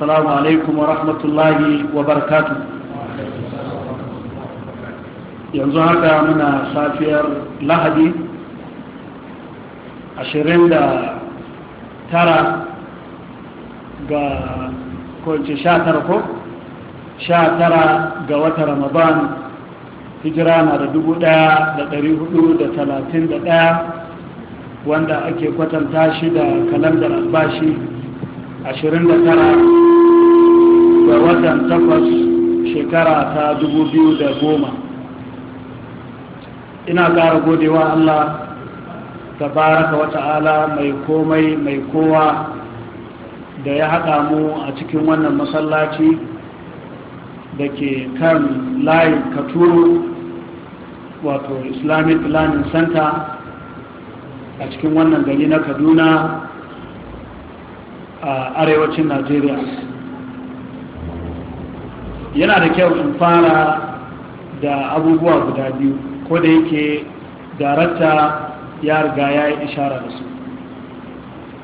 السلام عليكم ورحمة الله وبركاته yanzu haka muna safiyar lahadi 29 ga kwanci 19 ko 19 ga wata ramadan hijira na da da ɗaya. wanda ake kwatanta shi da kalandar albashi ashirin da tara ga watan takwas shekara ta dubu biyu da goma ina ƙara godewa allah ta baraka wata'ala mai komai mai kowa da ya haɗa mu a cikin wannan masallaci da ke kan layin katuru wato islamic learning center a cikin wannan gari na kaduna a arewacin najeriya yana da kyau in fara da abubuwa guda biyu ko da yake darata ya riga ya yi ishara da su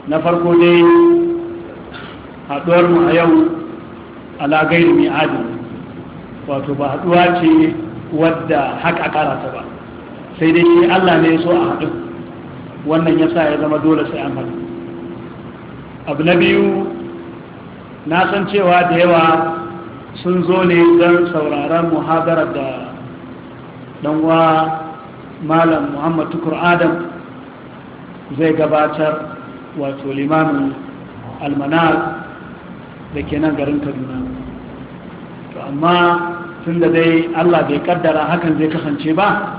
na farko dai haɗuwar mu a yau alagairi mai adin wato ba haɗuwa ce wadda haka karata ba sai dai shi allah ne so a haɗu wannan ya sa ya zama dole sai an haɗu abu na biyu na san cewa da yawa sun zo ne don sauraron muhadarar da ɗanwa malam muhammad tukur adam zai gabatar wato limamin almanar da ke nan garin kaduna to amma tun da dai allah bai kaddara hakan zai kasance ba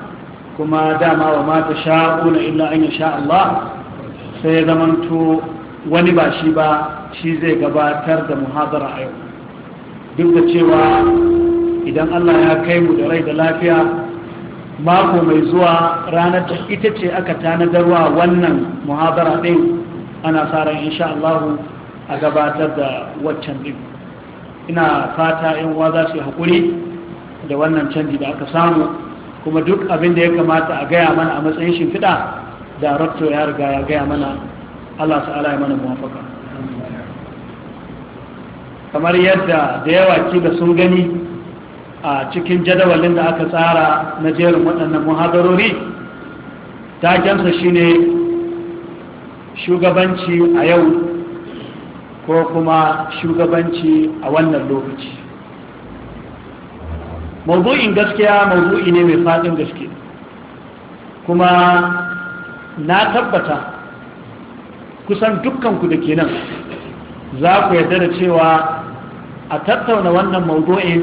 kuma dama wa mata sha'una illa an sha Allah sai ya zamanto wani ba shi ba shi zai gabatar da muhadara a yau duk da cewa idan allah ya kai mu da rai da lafiya mako mai zuwa ranar da ita ce aka tanadarwa wannan muhadara ɗin ana sa ran insha allahu a gabatar da waccan ɗin ina fata yan uwa za su yi haƙuri da wannan canji da aka samu kuma duk abin da ya kamata a gaya mana a matsayin shimfiɗa da ya riga ya gaya mana Allah ta'ala ya mana muwafaka kamar yadda da yawa da sun gani a cikin jadawalin da aka tsara na jerin waɗannan muhadarori takensa shine shugabanci a yau ko kuma shugabanci a wannan lokaci mabu'in gaskiya mabu'i ne mai faɗin gaske kuma na tabbata kusan dukkanku da kenan nan za ku yarda da cewa a tattauna wannan maudu'in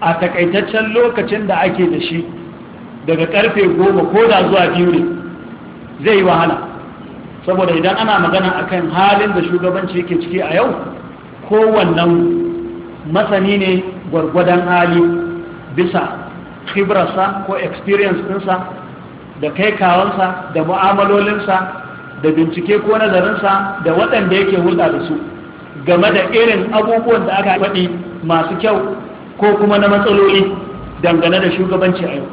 a takaitaccen lokacin da ake da shi daga karfe goma ko da zuwa biyu ne zai yi wahala saboda idan ana magana akan halin da shugabanci yake ciki a yau kowannan masani ne gwargwadon hali bisa khibrarsa ko experience ɗinsa da kai kawansa da mu'amalolinsa da bincike ko nazarinsa da waɗanda yake hulɗa da su game da irin abubuwan da aka faɗi masu kyau ko kuma na matsaloli dangane da shugabanci a yau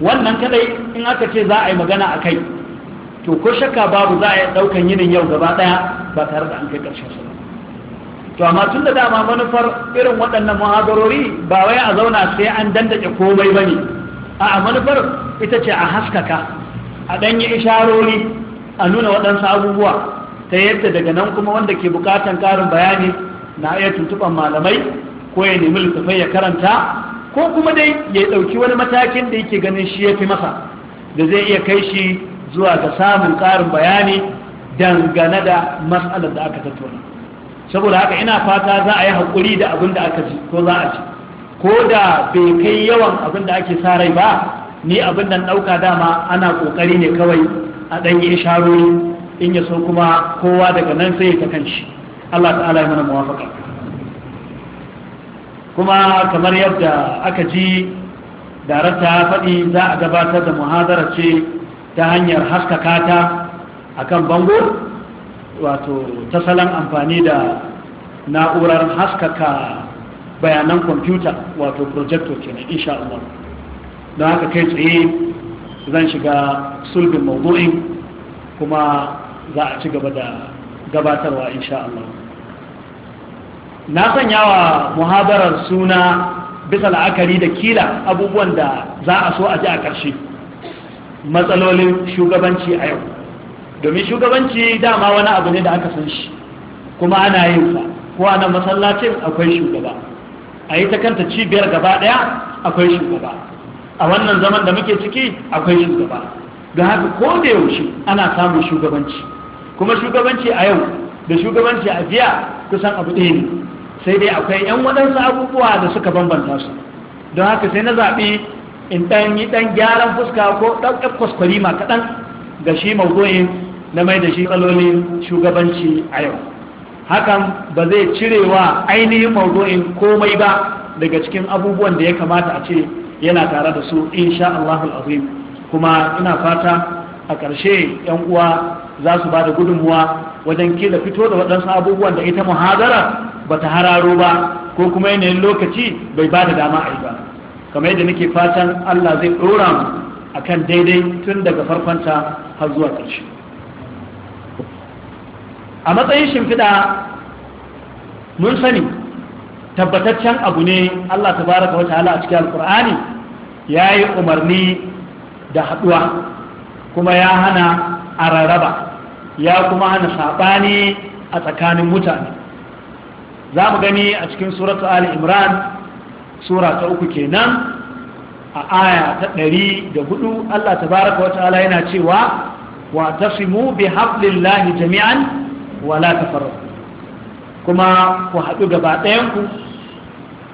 wannan kadai in aka ce za a yi magana a kai to ko shakka babu za a yi ɗaukan yinin yau gaba ɗaya ba tare da an kai ƙarshen su to amma tun da dama manufar irin waɗannan muhadarori ba wai a zauna sai an dandake komai ba ne a manufar ita ce a haskaka a ɗanyi isharori a nuna waɗansu abubuwa ta yadda daga nan kuma wanda ke bukatan ƙarin bayani na iya tuntuɓar malamai ko ya nemi littattafai ya karanta ko kuma dai ya ɗauki wani matakin da yake ganin shi ya fi masa da zai iya kai shi zuwa ga samun ƙarin bayani dangane da matsalar da aka tattauna saboda haka ina fata za a yi haƙuri da abin da aka ji ko za a ji ko da bai kai yawan abin da ake sa rai ba ni abin da ɗauka dama ana ƙoƙari ne kawai a ɗan yi isharori in ya so kuma kowa daga nan sai ta kan shi Allah ta'ala ya mana muwafaka kuma kamar yadda aka ji darakta ya faɗi za a gabatar da muhadara ce ta hanyar haskaka ta akan bango wato ta salon amfani da na'urar haskaka bayanan kwamfuta wato projector kenan insha Allah don haka kai tsaye zan shiga sulbin mawdu'in kuma za a ci gaba da gabatarwa insha Allah na sanya wa muhabarar suna bisa la'akari da kila abubuwan da za a so a ji a ƙarshe matsalolin shugabanci a yau domin shugabanci dama wani abu ne da aka san shi kuma ana yin sa ko a masallacin akwai shugaba a yi ta kanta cibiyar gaba ɗaya akwai shugaba a wannan zaman da muke ciki akwai yin gaba, ga haka ko da yaushe ana samun shugabanci kuma shugabanci a yau da shugabanci a jiya kusan abu ɗaya ne sai dai akwai 'yan waɗansu abubuwa da suka bambanta su don haka sai na zaɓi in ɗan yi ɗan gyaran fuska ko ɗan kwaskwari ma kaɗan ga shi maudu'in na mai da shi tsalolin shugabanci a yau hakan ba zai cirewa ainihin maudu'in komai ba daga cikin abubuwan da ya kamata a ce yana tare da su insha Allah azim kuma ina fata a ƙarshe 'yan uwa za su ba da gudunmuwa wajen kila fito da waɗansu abubuwan da ita muhadara ba ta hararo ba ko kuma yanayin lokaci bai ba da dama a yi ba kamar yadda nake fatan Allah zai ɗora mu a kan daidai tun daga farfanta har zuwa ƙarshe a matsayin shimfiɗa mun sani tabbataccen abu ne Allah baraka wata ta'ala a cikin alkur'ani ya yi umarni da haɗuwa kuma ya hana a ya kuma hana saɓani a tsakanin mutane za mu gani a cikin suratu ali imran sura ta uku kenan a aya ta ɗari da hudu Allah baraka wata ta'ala yana cewa wa tasimu bi hablillahi jami'an wala tafarraqu kuma ku haɗu gaba ɗayanku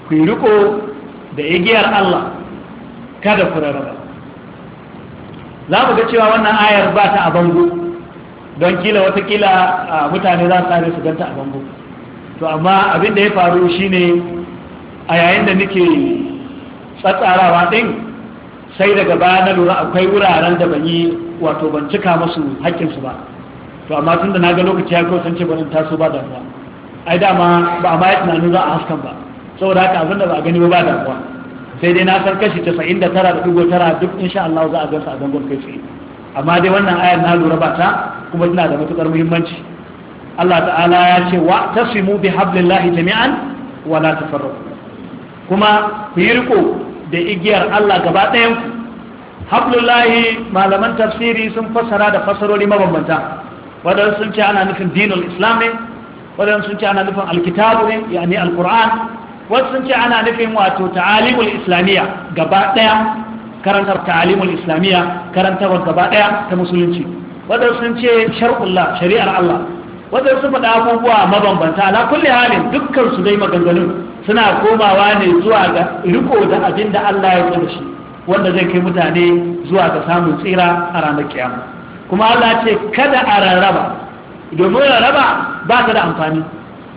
ku yi riko da igiyar Allah kada ku raba za mu ga cewa wannan ayar ba ta a bango don kila watakila mutane za su tare su ganta a bango to amma abin da ya faru shine a yayin da nake tsatsarawa din sai daga baya na lura akwai wuraren da ban yi wato ban cika masu haƙƙinsu ba to amma tun da na ga lokaci ya kawo sun ce taso ba da ruwa ai dama ba a ma tunanin za a haskan ba saboda haka abin da ba a gani ba da kuwa sai dai na san kashi da tara duk insha Allah za a gansa a zangon kai tsaye amma dai wannan ayar na lura ba ta kuma tana da matukar muhimmanci Allah ta'ala ya ce wa tasimu bi hablillahi jami'an wa la tafarraqu kuma ku yi riko da igiyar Allah gaba ɗayan ku hablillahi malaman tafsiri sun fassara da fassarori mabambanta wadanda sun ce ana nufin dinul islam ne wadanda sun ce ana nufin alkitabu ne yani alquran wasu sun ce ana nufin wato ta'alimul islamiyya gaba daya karantar ta'alimul islamiyya karantarwar gaba daya ta musulunci wadda sun ce shar'ullah shari'ar Allah wadda sun faɗa abubuwa mabambanta ala kulli halin dukkan su dai maganganun suna komawa ne zuwa ga riko da abin da Allah ya yarda shi wanda zai kai mutane zuwa ga samun tsira a ranar kiyama kuma Allah ce kada a rarraba domin rarraba ba ta da amfani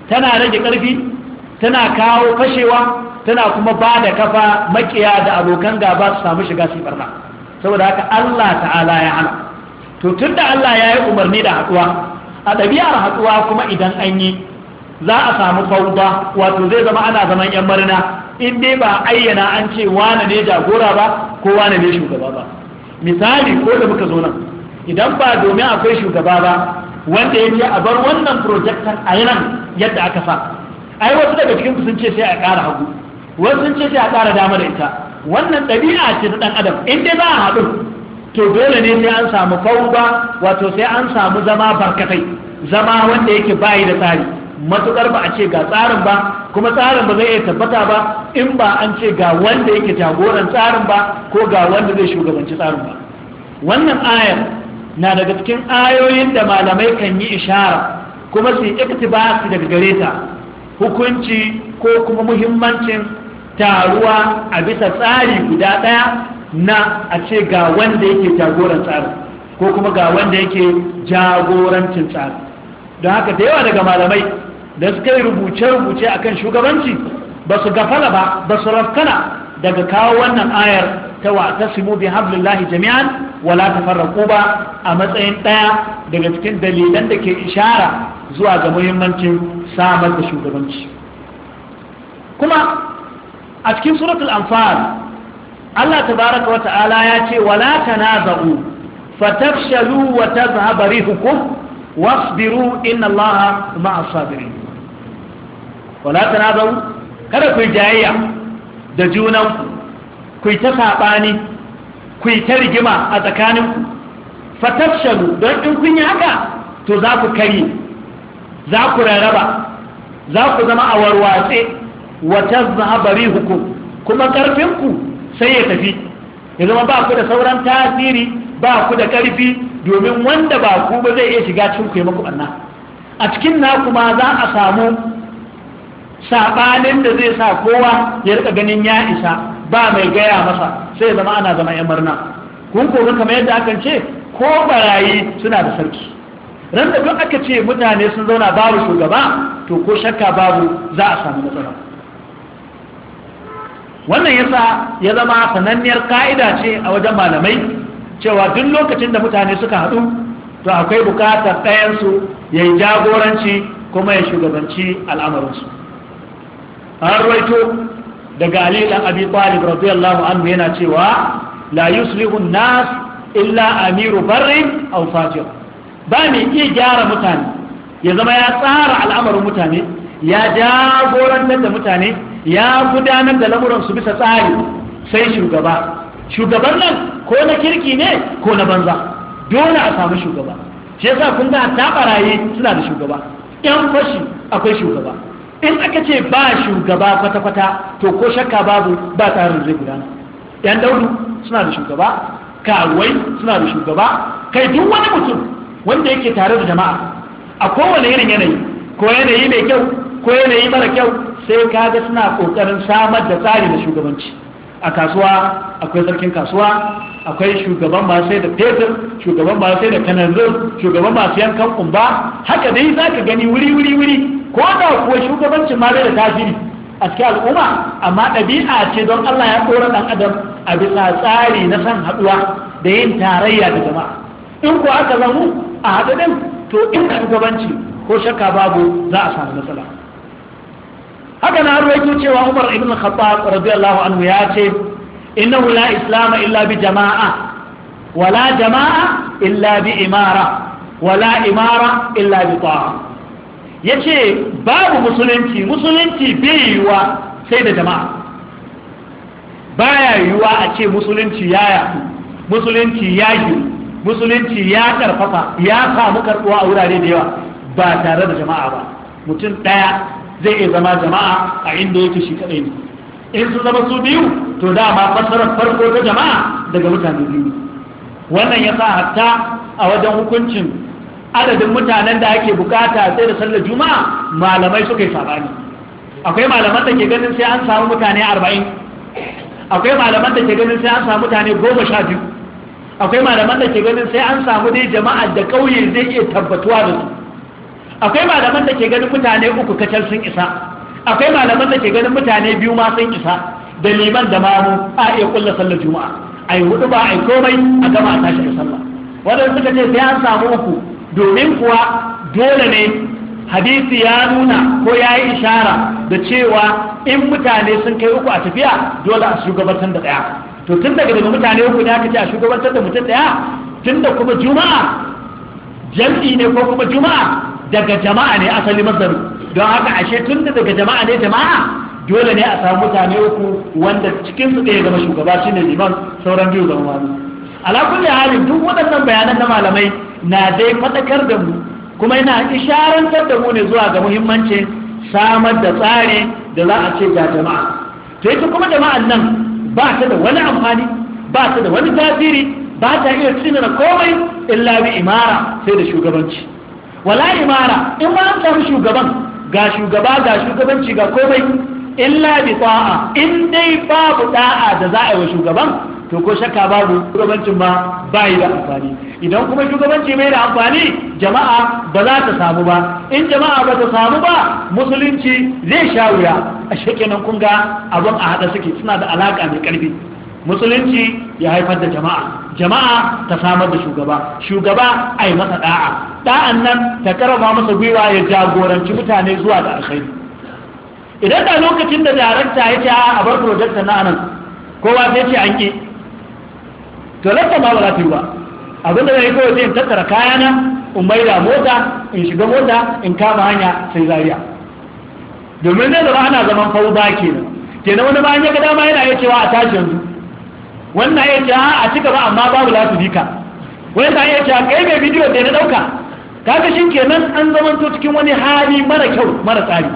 tana rage karfi tana kawo fashewa tana kuma ba da kafa makiya da abokan gaba su samu shiga su barna saboda haka Allah ta'ala ya hana to tunda Allah ya yi umarni da haɗuwa a ɗabi'ar haɗuwa kuma idan an yi za a samu fauda wato zai zama ana zaman yan marina in dai ba ayyana an ce wane ne jagora ba ko wane ne shugaba ba misali ko da muka zo nan idan ba domin akwai shugaba ba wanda ya ce a bar wannan projectan a yanan yadda aka sa ai wasu daga cikin sun ce sai a ƙara hagu wasu sun ce sai a ƙara dama da ita wannan ɗabi'a ce ta ɗan adam in dai za a haɗu to dole ne sai an samu fauba wato sai an samu zama barkatai zama wanda yake bayi da tsari matuƙar ba a ce ga tsarin ba kuma tsarin ba zai iya tabbata ba in ba an ce ga wanda yake jagoran tsarin ba ko ga wanda zai shugabanci tsarin ba wannan ayar na daga cikin ayoyin da malamai kan yi ishara kuma su yi iktibasi daga gare ta hukunci ko kuma muhimmancin taruwa a bisa tsari guda ɗaya na a ce ga wanda yake jagoran tsarin ko kuma ga wanda yake jagorancin tsarin don haka da yawa daga malamai da suka yi rubuce-rubuce a kan shugabanci ba su gafala ba ba su rafkana daga kawo wannan ayar ta wa ta simu bi hablillahi jami'an wala tafarraqu ba a matsayin ɗaya daga cikin dalilan da ke ishara zuwa ga muhimmancin samar da shugabanci kuma a cikin suratul anfal Allah tabaraka wa ta'ala ya ce wala tanaza'u fatafshalu wa tadhhabu rihukum wasbiru inna Allaha sabirin wala tanaza'u kada ku jayayya da junanku ku ta sabani ku yi ta rigima a tsakaninku fatafshalu don in kun yi haka to za ku kari za ku rarraba za ku zama a warwatse wata zahabari hukum kuma ƙarfinku sai ya tafi ya zama ba ku da sauran tasiri ba ku da ƙarfi domin wanda ba ku ba zai iya shiga cikin ku yi maku ɓanna a cikin na kuma za a samu saɓanin da zai sa kowa ya rika ganin ya isa ba mai gaya masa sai zama ana zama yan murna kun koga kamar yadda akan ce ko barayi suna da sarki ran da duk aka ce mutane sun zauna babu shugaba to ko shakka babu za a samu matsala wannan yasa ya zama sananniyar ka'ida ce a wajen malamai cewa duk lokacin da mutane suka haɗu to akwai bukatar ɗayansu ya yi jagoranci kuma ya shugabanci al'amarinsu an raito daga Ali dan Abi Talib radiyallahu anhu yana cewa la yuslihu nas illa amiru barrin aw fajir ba mai iya gyara mutane ya zama ya tsara al'amarin mutane ya jagorantar da mutane ya gudanar da lamuran su bisa tsari sai shugaba shugaban nan ko na kirki ne ko na banza dole a samu shugaba shi yasa kun ga ta barayi suna da shugaba yan fashi akwai shugaba in aka ce ba shugaba kwata-kwata to ko shakka babu ba tsarin zai gudana yan daudu suna da shugaba karuwai suna da shugaba kai duk wani mutum wanda yake tare da jama'a a kowane irin yanayi ko yanayi mai kyau ko yanayi mara kyau sai kaga suna kokarin samar da tsari da shugabanci a kasuwa akwai sarkin kasuwa akwai shugaban masu sai da fetur shugaban masu sai da shugaban masu yankan kumba haka dai za ka gani wuri wuri wuri ko da kuwa shugabancin ma da tasiri a cikin al'umma amma ɗabi'a ce don Allah ya ɗora ɗan adam a bisa tsari na san haɗuwa da yin tarayya da jama'a in ko aka zamu a haɗaɗin to in shugabanci ko shakka babu za a samu matsala haka na ruwaito cewa Umar ibn Khattab radiyallahu anhu ya ce innahu la islama illa bi jama'a wala jama'a illa bi imara wala imara illa bi ta'a ya ce babu musulunci musulunci bai yiwuwa sai da jama'a Ba baya yiwuwa a ce musulunci ya yaku musulunci ya yi musulunci ya karfafa ya samu karbuwa a wurare da yawa ba tare da jama'a ba mutum ɗaya zai iya zama jama'a a inda yake shi kaɗai ne in su zama su biyu to dama fasarar farko ta jama'a daga mutane biyu wannan ya sa hatta a wajen hukuncin adadin mutanen da ake bukata sai da sallar juma'a malamai suka yi sabani akwai malaman da ke ganin sai an samu mutane arba'in akwai malaman da ke ganin sai an samu mutane goma sha biyu akwai malaman da ke ganin sai an samu dai jama'a da ƙauye zai iya tabbatuwa da su akwai malaman da ke ganin mutane uku kacal sun isa akwai malaman da ke ganin mutane biyu ma sun isa da liman da mamu a iya kulla sallar juma'a ai hudu ba ai komai a gama a tashi sallah wadanda suka ce sai an samu uku domin kuwa dole ne hadisi ya nuna ko ya yi ishara da cewa in mutane sun kai uku a tafiya dole a shugabantar da ɗaya to tun daga daga mutane uku ne aka ce a shugabantar da mutum ɗaya tun da kuma juma'a jam'i ne ko kuma juma'a daga jama'a ne asali mazaru don haka ashe tun da daga jama'a ne jama'a dole ne a samu mutane uku wanda cikin su ɗaya gama shugaba shine liman sauran biyu zama wani ala kulli halin duk waɗannan bayanan na malamai na dai faɗakar da mu kuma yana isharantar da mu ne zuwa ga muhimmancin samar da tsari da za a ce ga jama'a to ita kuma jama'an nan ba ta da wani amfani ba ta da wani tasiri ba ta iya na komai illa bi imara sai da shugabanci wala imara in ba an samu shugaban ga shugaba ga shugabanci ga komai illa bi ta'a in dai babu da'a da za a yi wa shugaban to ko shakka babu shugabancin ma bai da amfani idan kuma shugabanci mai da amfani jama'a ba za ta samu ba in jama'a ba ta samu ba musulunci zai sha wuya a shekenan kun ga abin a haɗa suke suna da alaka mai karfi musulunci ya haifar da jama'a jama'a ta samar da shugaba shugaba a yi masa da'a da'an nan ta karama masa gwiwa ya jagoranci mutane zuwa da alkhairi idan da lokacin da darakta ya ce a bar project na nan kowa sai ce an ki to ba ba za ta yi ba abin da zai kowa zai tattara kayana in da mota in shiga mota in kama hanya sai zariya domin zai zama ana zaman fa'u ba nan kenan kenan wani bayan ya ga dama yana yake cewa a tashi yanzu wannan ya ce a ci gaba amma babu lasu dika wani ta iya a kai mai bidiyo da ya dauka kaga ke kenan an zamanto cikin wani hali mara kyau mara tsari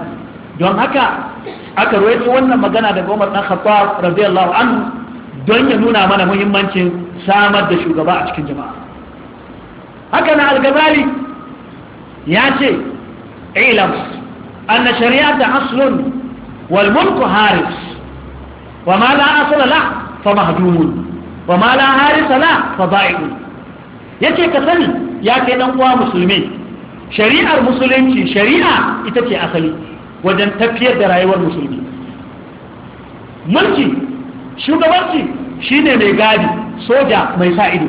don haka aka rawaito wannan magana daga Umar dan Khattab radiyallahu anhu don ya nuna mana muhimmancin samar da shugaba a cikin jama'a haka na al-gazali ya ce ilam an shari'ata aslun wal mulku haris wa ma la asla la fa mahdumun wa ma la harisa la fa ba'iun yace ka sani ya kai dan uwa musulmi shari'ar musulunci shari'a ita ce asali wajen tafiyar da rayuwar musulmi mulki shugabanci shine mai gadi soja mai sa ido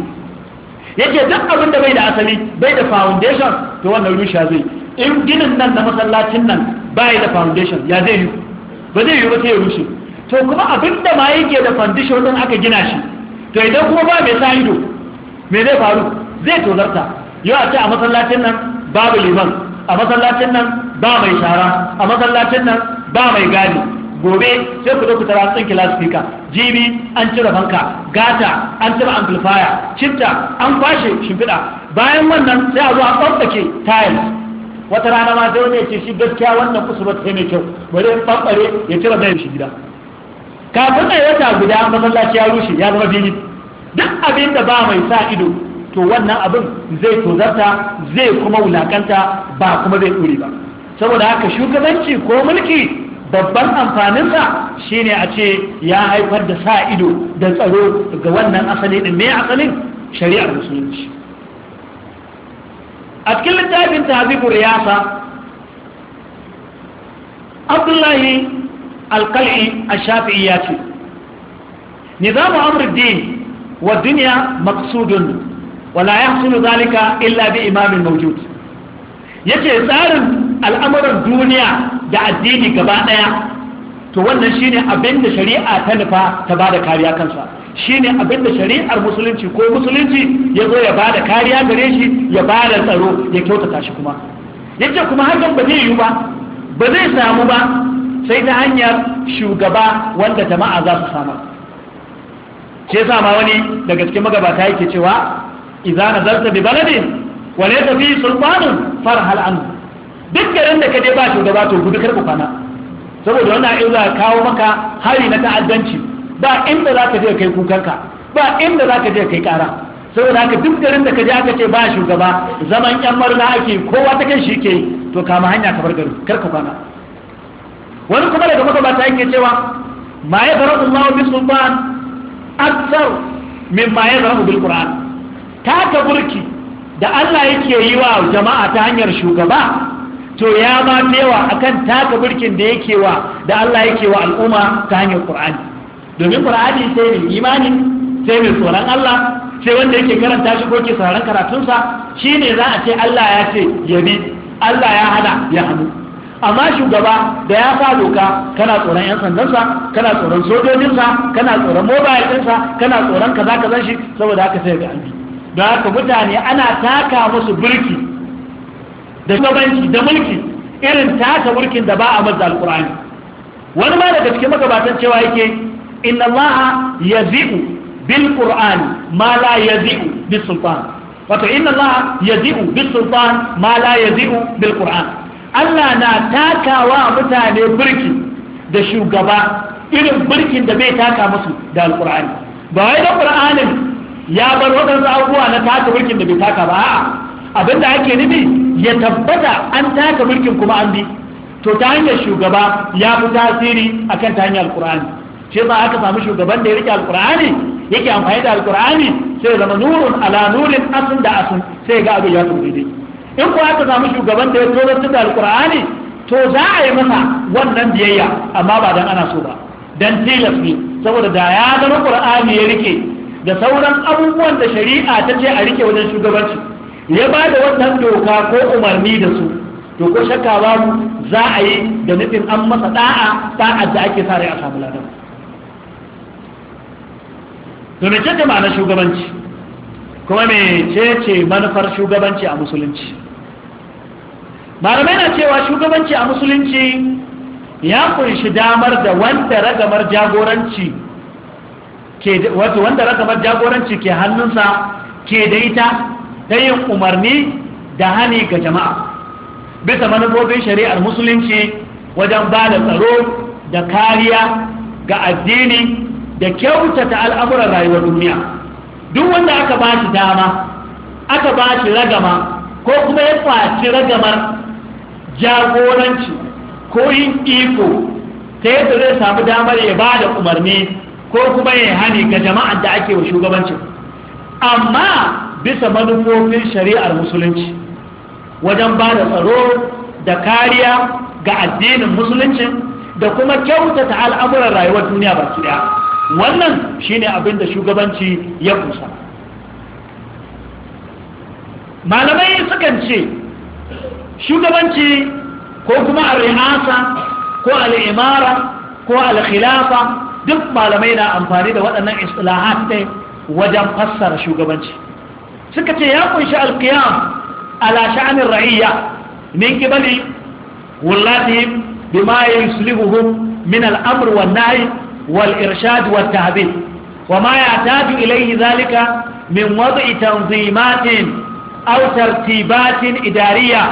yake duk abin da bai da asali bai da foundation to wannan rusha zai in ginin nan na masallacin nan bai da foundation ya zai yi ba zai yi ba sai ya rushe to kuma abin da ma yake da foundation din aka gina shi to idan kuma ba mai sa ido me zai faru zai tozarta yau a ce a masallacin nan babu liman a masallacin nan ba mai shara a masallacin nan ba mai gadi gobe sai ku zo ku tara tsinki lasfika jibi an cire fanka gata an cire amplifier Cinta, an kwashe shimfiɗa bayan wannan sai a zo a tsaftake tiles wata rana ma dole ne ya ce shi gaskiya wannan kusurwa sai mai kyau bari ya ya cire mai shi gida kafin a wata guda masallaci ya rushe ya zama fili duk abin da ba mai sa ido to wannan abin zai tozarta zai kuma wulakanta ba kuma zai ɗore ba saboda haka shugabanci ko mulki babban amfaninsa shine a ce ya haifar da sa ido da tsaro ga wannan asali din me asalin shari'ar musulunci a cikin littafin tahzibu riyasa abdullahi alkal'i a shafi'i ya ce nizamu din wa duniya maqsudun wala yahsulu zalika illa bi imamin mawjud yace tsarin al'amuran duniya da addini gaba ɗaya to wannan shine abin da shari'a ta nufa ta bada kariya kansa shine abin da shari'ar musulunci ko musulunci ya zo ya bada kariya gare shi ya bada tsaro ya kyautata shi kuma ce kuma hakan ba zai yiwu ba ba zai samu ba sai ta hanyar shugaba wanda jama'a za su samar ke yasa ma wani daga cikin magabata yake cewa idza nazarta bi baladin wa laysa tafi sultanun farhal anhu duk garin da ka dai ba shugaba to gudu karku kwana saboda wannan in kawo maka hari na ta'addanci ba inda za ka je kai kukanka ba inda za ka je kai kara saboda haka duk garin da ka je aka ce ba shugaba zaman yan marna ake kowa ta kai shi ke to kama hanya ka bar garin karku kwana wani kuma daga ta yake cewa ma ya zara Allah bi sulban aksar ma ya zara bil qur'an ta ta burki da Allah yake yi wa jama'a ta hanyar shugaba to ya ma mewa akan taka birkin da yake wa da Allah yake wa al'umma ta hanyar Qur'ani domin Qur'ani sai mai imani sai mai tsoron Allah sai wanda yake karanta shi ko ke sauraron karatunsa shine za a ce Allah ya ce yabi Allah ya hana ya hannu amma shugaba da ya fa doka kana tsoron yan sandansa kana tsoron sojojinsa kana tsoron mobile ɗinsa kana tsoron kaza kazan shi saboda haka sai ga an Da haka mutane ana taka musu birki da shugabanci da mulki irin tasa mulkin da ba a mazda alkur'ani wani ma daga cikin magabatan cewa yake inna allaha yazi'u bil qur'ani ma la yazi'u bis sultan wato inna allaha yazi'u bis sultan ma la yazi'u bil qur'an Allah na takawa mutane birki da shugaba irin birkin da bai taka musu da alkur'ani ba wai da qur'anin ya bar wadansu abubuwa na taka birkin da bai taka ba a'a abinda ake nufi ya tabbata an taka mulkin kuma an bi to ta hanyar shugaba ya fi tasiri akan ta hanyar alkur'ani shi ba aka samu shugaban da ya rike alkur'ani yake amfani da alkur'ani sai zama nurun ala nurin asun da asun sai ga abu ya tafi daidai in ko aka samu shugaban da ya tozarta da alkur'ani to za a yi masa wannan biyayya amma ba dan ana so ba dan tilas ne saboda da ya zama qur'ani ya rike da sauran abubuwan da shari'a ta ce a rike wajen shugabanci ya ba da wannan doka ko umarni da su to ko shakka babu za a yi da nufin an masa da'a da'a da ake sa rai a samu ladan to me ce na shugabanci kuma me ce ce manufar shugabanci a musulunci malamai na cewa shugabanci a musulunci ya kunshi damar da wanda ragamar jagoranci ke wato wanda ragamar jagoranci ke hannunsa ke daita ta yin umarni da hani ga jama'a bisa manufofin shari'ar musulunci wajen ba da tsaro da kariya ga addini da kyautata al'amuran rayuwar duniya duk wanda aka ba shi dama aka ba shi ragama ko kuma ya faci ragamar jagoranci ko yin iko ta yadda zai samu damar ya ba da umarni ko kuma ya hani ga jama'ar da ake wa shugabancin amma bisa manufofin shari'ar musulunci wajen ba da tsaro da kariya ga addinin musulunci da kuma kyautata al'amuran rayuwar duniya ba su daya wannan shine abin da shugabanci ya kusa malamai sukan ce shugabanci ko kuma rihasa ko al'imara ko al'ilafa duk malamai na amfani da waɗannan istilahat ne wajen fassara shugabanci suka ce ya kunshi alqiyam ala sha'anir ra'iyya min qibali wallatihim bima yuslihuhum min al-amr wan-nahy وما يحتاج إليه ذلك من وضع تنظيمات أو ترتيبات إدارية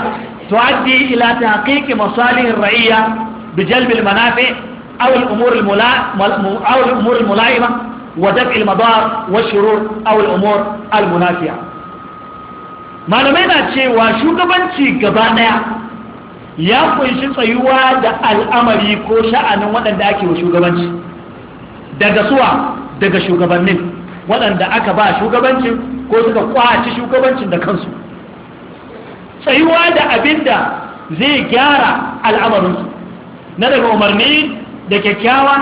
تؤدي إلى تحقيق مصالح الرعية بجلب المنافع أو الأمور, أو الأمور الملائمة ودفع المضار والشرور أو الأمور المنافعة malamai na cewa shugabanci gaba ɗaya ya kunshi tsayuwa da al'amari ko sha'anin waɗanda ake wa shugabanci daga suwa daga shugabannin waɗanda aka ba shugabancin ko suka kwaci shugabancin da kansu tsayuwa da abin da zai gyara al'amarinsu na daga umarni da kyakkyawa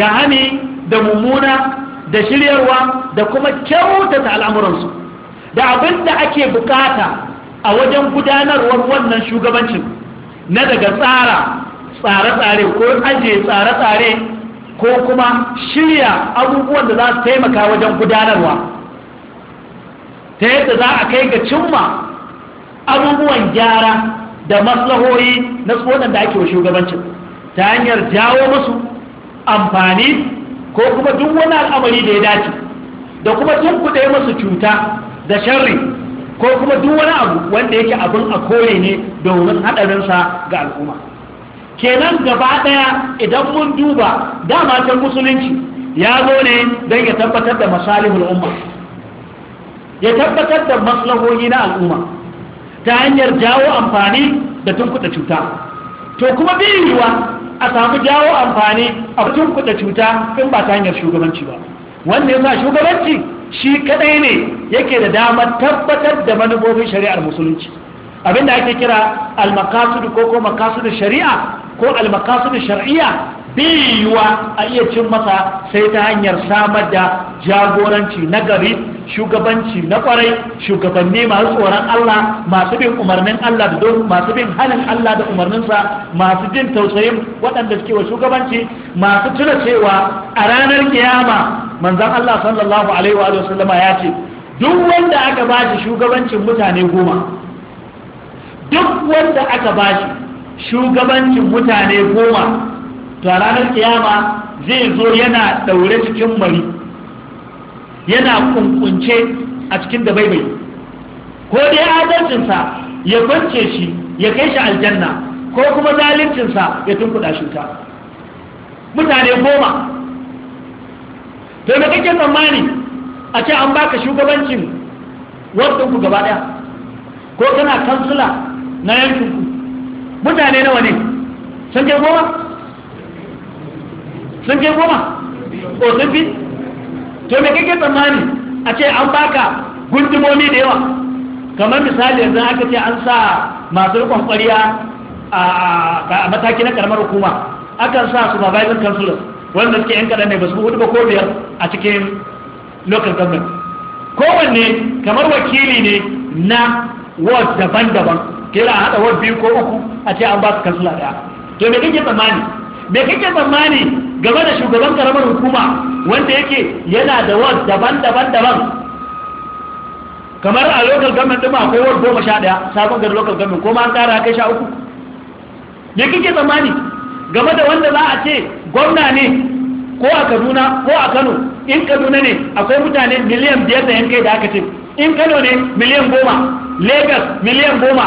da hani da mummuna da shiryarwa da kuma kyautata al'amuransu da abin da ake bukata a wajen gudanarwar wannan shugabancin na daga tsara tsare-tsare ko ajiye tsare-tsare ko kuma shirya abubuwan da za su taimaka wajen gudanarwa ta yadda za a kai ga cimma abubuwan gyara da maslahoyi na tsohon da ake wa shugabancin ta hanyar jawo musu amfani ko kuma duk wani al'amari da ya dace da kuma tunkuɗe masu cuta da sharri ko kuma duk wani abu wanda yake abin a kore ne domin sa ga al'umma kenan gaba ɗaya idan mun duba dama can musulunci ya zo ne don ya tabbatar da masalihul umma ya tabbatar da maslahohi na al'umma ta hanyar jawo amfani da tunkuɗa cuta to kuma bi yiwuwa a samu jawo amfani a tunkuɗa cuta in ba ta hanyar shugabanci ba wanda ya sa shugabanci shi kadai ne yake da damar tabbatar da manufofin shari'ar musulunci abinda ake kira almakasudu ko ko makasudu shari'a ko almakasudu shar'iyya biyuwa a iya cin masa sai ta hanyar samar da jagoranci na gari shugabanci na kwarai shugabanni masu tsoron Allah masu bin umarnin Allah da don masu bin halin Allah da umarninsa masu jin tausayin waɗanda suke wa shugabanci masu tuna cewa a ranar kiyama Manzan Allah sallallahu alaihi wa sallama ya ce duk wanda aka bashi shugabancin mutane goma duk wanda aka bashi shugabancin mutane goma to a ranar kiyama zai zo yana daure cikin mari yana kunkunce a cikin da baibai ko dai adalcinsa ya kwance shi ya kai shi aljanna ko kuma zalincinsa ya tunkuɗa shi ta mutane goma to me kake tsammani a ce an baka shugabancin wadda ku gaba daya ko kana kansula na yankin ku mutane nawa ne sun ke goma sun ke goma o sun fi to me kake tsammani a ce an baka gundumomi da yawa kamar misali yanzu aka ce an sa masu rikon kwariya a mataki na karamar hukuma akan sa su ba bayan kansulas wanda suke yan kaɗan ne ba su hudu ba ko biyar a cikin local government kowanne kamar wakili ne na ward daban-daban kira a haɗa ward biyu ko uku a ce an ba su kansula ɗaya to me kake tsammani me kake tsammani game da shugaban karamar hukuma wanda yake yana da ward daban-daban-daban kamar a local government ɗin akwai ward goma sha ɗaya sabon gari local government ko ma an ƙara kai sha uku me kake tsammani game da wanda za a ce gwamna ne ko a kaduna ko a kano in kaduna ne akwai mutane miliyan biyar da yankai da aka ce in kano ne miliyan goma lagos miliyan goma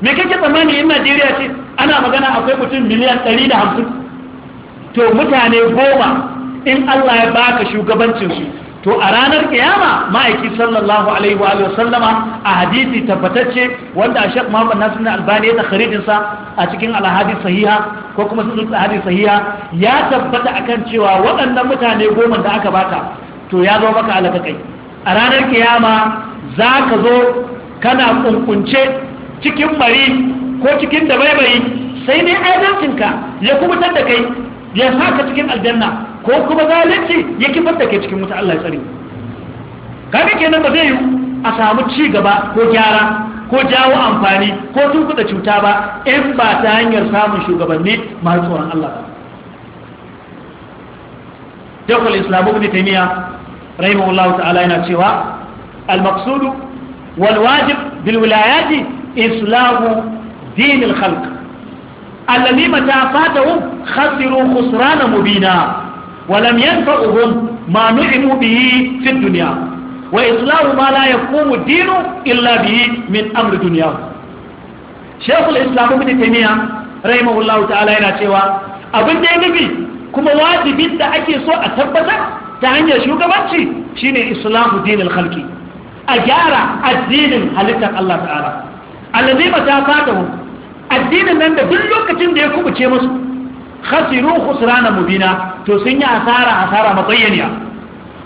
me kake tsammani in najeriya ce ana magana akwai mutum miliyan ɗari da hamsin to mutane goma in allah ya baka shugabancin su to a ranar kiyama ma'aiki sallallahu alaihi wa sallama a hadisi tabbatacce wanda a shek muhammad nasir albani ya takharijin sa a cikin alhadi sahiha ko kuma sun alhadi sahiha ya tabbata akan cewa waɗannan mutane goma da aka baka to ya zo maka alaka kai a ranar kiyama za ka zo kana kunkunce cikin mari ko cikin da bai-bai sai ne adalcinka ya kubutar da kai ya sa ka cikin aljanna ko kuma zalunci ya kifar da ke cikin wuta Allah ya tsare kaga kenan ba zai yi a samu ci gaba ko gyara ko jawo amfani ko tunkuɗa cuta ba in ba ta hanyar samun shugabanni masu tsoron Allah ba dakul islamu ibn taymiya rahimahullahu ta'ala yana cewa al maqsudu wal wajib bil wilayati islamu din al khalq alladhi mata fatahu khasiru khusrana mubina ولم ينفعهم ما نعموا به في الدنيا وإسلام ما لا يقوم الدين إلا به من أمر دنيا شيخ الإسلام ابن تيمية رحمه الله تعالى yana cewa abin da ya nufi kuma wajibin da ake so a tabbatar ta hanyar shugabanci shine islamu dinil halki. a gyara addinin halittar Allah ta'ala allazi ba ta fata addinin nan da duk lokacin da ya kubuce masu. khasiru khusrana mubina to sun yi asara asara matsayyaniya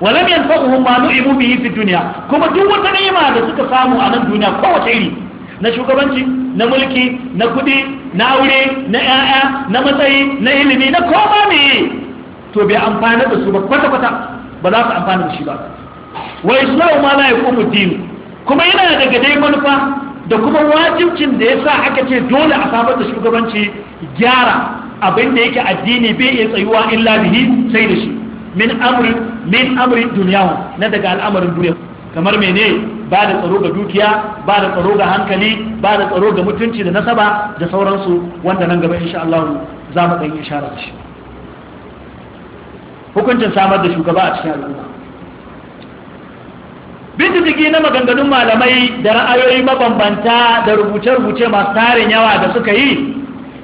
walam yanfa'uhum ma nu'imu bihi fi dunya kuma duk wata ni'ima da suka samu a nan duniya kowace iri na shugabanci na mulki na kudi na aure na ƴaƴa na matsayi na ilimi na koma ne to bai amfana da su ba kwata kwata ba za su amfana da shi ba din kuma yana daga dai manufa da kuma wajibcin da sa aka ce dole a samar da shugabanci gyara abin da yake addini bai iya tsayuwa illa bihi sai da shi min amri min amri duniyahu na daga al'amarin duniya kamar mene ba da tsaro ga dukiya ba da tsaro ga hankali ba da tsaro ga mutunci da nasaba da sauransu wanda nan gaba insha Allah za mu ɗan ishara da shi hukuncin samar da shugaba a cikin al'umma bincike na maganganun malamai da ra'ayoyi mabambanta da rubuce-rubuce masu tarin yawa da suka yi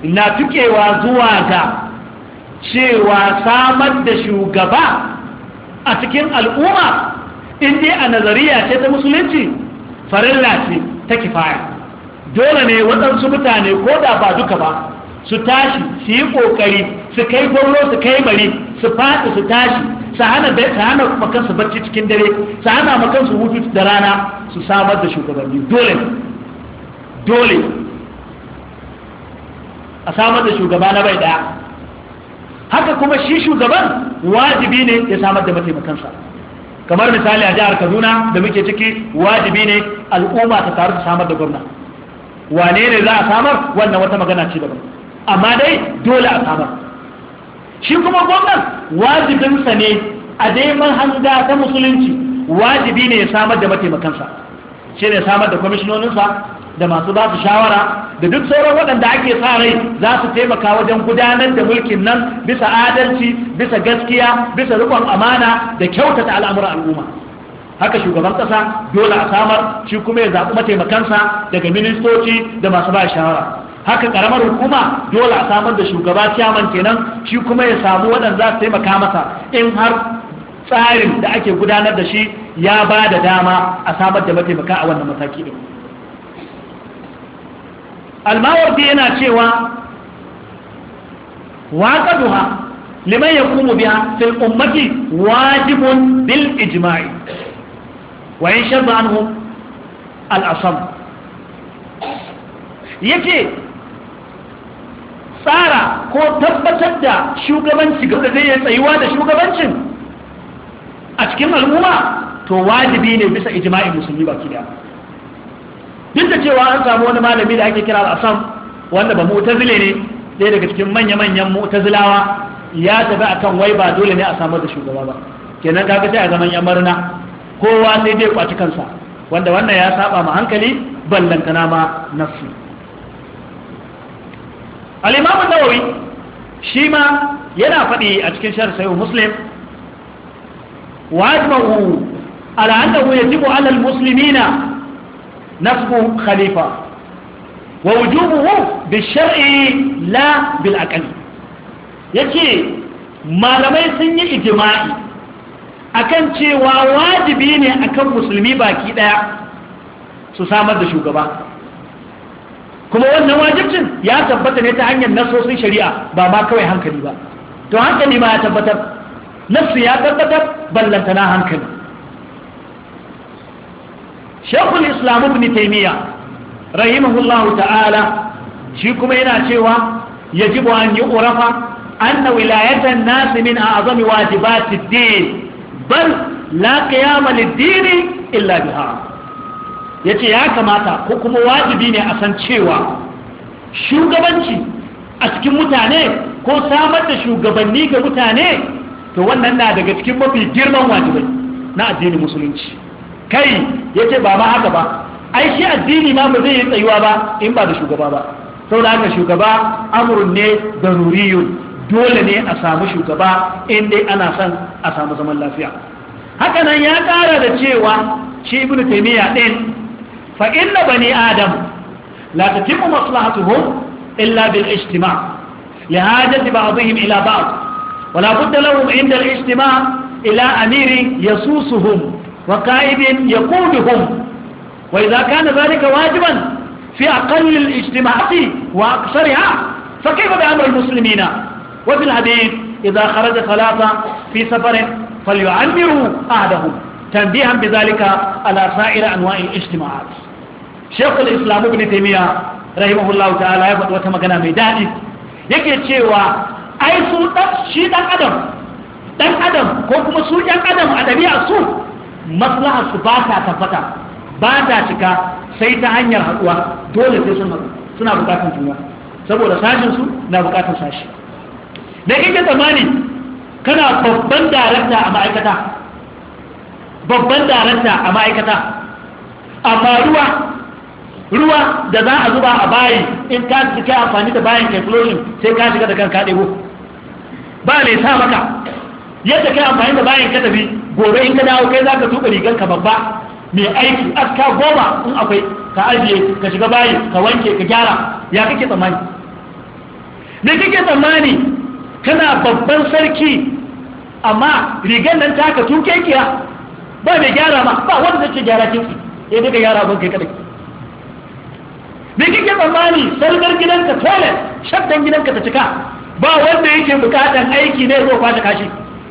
na tukewa zuwa ga cewa samar da shugaba a cikin al'umma in a nazariya ce ta musulunci farilla ce ta kifaya dole ne waɗansu mutane ko da ba duka ba su tashi su yi ƙoƙari su kai gwamno su kai bari su faɗi su tashi su hana makansu bacci cikin dare su hana makansu hutu da rana su samar da shugabanni dole dole a samar da shugaba na bai daya haka kuma shi shugaban wajibi ne ya samar da mataimakansa kamar misali a jihar kaduna da muke ciki wajibi ne al'umma ta taru ta samar da gwamna wane ne za a samar wannan wata magana ce daban amma dai dole a samar shi kuma gwamnan wajibinsa ne a daiman hanga ta musulunci wajibi ne ya samar da mataimakansa shi ne samar da kwamishinoninsa da masu ba su shawara da duk sauran waɗanda ake sa rai za su taimaka wajen gudanar da mulkin nan bisa adalci bisa gaskiya bisa rikon amana da kyautata al'amuran al'umma haka shugaban ƙasa dole a samar shi kuma ya zaɓi mataimakansa daga ministoci da masu ba shawara haka karamar hukuma dole a samar da shugaba ciyaman kenan shi kuma ya samu waɗanda za su taimaka masa in har tsarin da ake gudanar da shi ya ba da dama a samar da mataimaka a wannan mataki ɗin almawardi yana cewa waƙaduha liman ya kumu biya fil ummati wajibun bil ijma'i wa yin sharba anhu al'asam yake tsara ko tabbatar da shugabanci ga zai tsayuwa da shugabancin a cikin al'umma to wajibi ne bisa ijma'in musulmi baki daya duk da cewa an samu wani malami da ake kira al-asam wanda ba mu'tazile ne ɗaya daga cikin manya-manyan mu'tazilawa ya tafi kan wai ba dole ne a samar da shugaba ba kenan ka sai a zaman yan marna kowa sai dai kwaci kansa wanda wannan ya saba ma hankali ballantana ma nafsi al-imam an-nawawi shi ma yana faɗi a cikin sharh sahih muslim واجمعوا على أنه يجب على المسلمين نصب bi ووجوبه بالشرع لا بالأقل yake malamai sun yi ijima'i akan cewa wajibi ne akan musulmi baki daya su samar da shugaba kuma wannan wajibcin ya tabbata ne ta hanyar nasosin shari'a ba ma kawai hankali ba to hankali ma ya tabbatar nafsu ya tabbatar ballantana hankali shekul islam ibn taimiyya rahimahullahu ta'ala shi kuma yana cewa yajibu an yi urafa أن ولاية الناس من أعظم واجبات الدين بل لا قيام للدين إلا بها yace ya kamata ko kuma wajibi ne a san cewa shugabanci a cikin mutane ko samar da shugabanni ga mutane to wannan na daga cikin mafi girman wajibai na addinin musulunci kai yace ba ma haka ba ai shi addini ma ba zai yi tsayuwa ba in ba da shugaba ba saboda haka shugaba amrun ne daruriyun dole ne a samu shugaba in dai ana son a samu zaman lafiya haka nan ya kara da cewa shi ibn taymiya din fa inna bani adam la tatimu maslahatuhum illa bil ijtima' li hajati ba'dihim ila ba'd ولا بد لهم عند الاجتماع إلى أمير يسوسهم وقائد يقودهم وإذا كان ذلك واجبا في أقل الاجتماعات وأكثرها فكيف بأمر المسلمين وفي الحديث إذا خرج ثلاثة في سفر فليعمروا احدهم تنبيها بذلك على سائر أنواع الاجتماعات شيخ الإسلام ابن تيمية رحمه الله تعالى يفضل من ميداني يكي تشيوى ai su shi dan adam dan adam ko kuma su yan adam a dabi'a su maslaha su ba ta tabbata ba ta cika sai ta hanyar haɗuwa, dole sai sun haɗu suna buƙatar juna saboda sashin su na buƙatar sashi da kike tsammani kana babban darakta a ma'aikata babban darakta a ma'aikata amma ruwa ruwa da za a zuba a bayi in ka kai amfani da bayan explosion sai ka shiga da kanka ɗebo ba ne sa maka yadda kai amfani da bayan ka tafi gobe in ka dawo kai za ka tuɓa rigar ka babba mai aiki aska goma in akwai ka ajiye ka shiga bayi ka wanke ka gyara ya kake tsammani me kake tsammani kana babban sarki amma rigar nan ta ka tuke kiya ba mai gyara ma ba wanda zai ce gyara kinsu ya duka gyara abin kai kadai me kike tsammani sarkar gidanka toilet shaddan gidanka ta cika ba wanda yake bukatan aiki ne zo kwashe kashi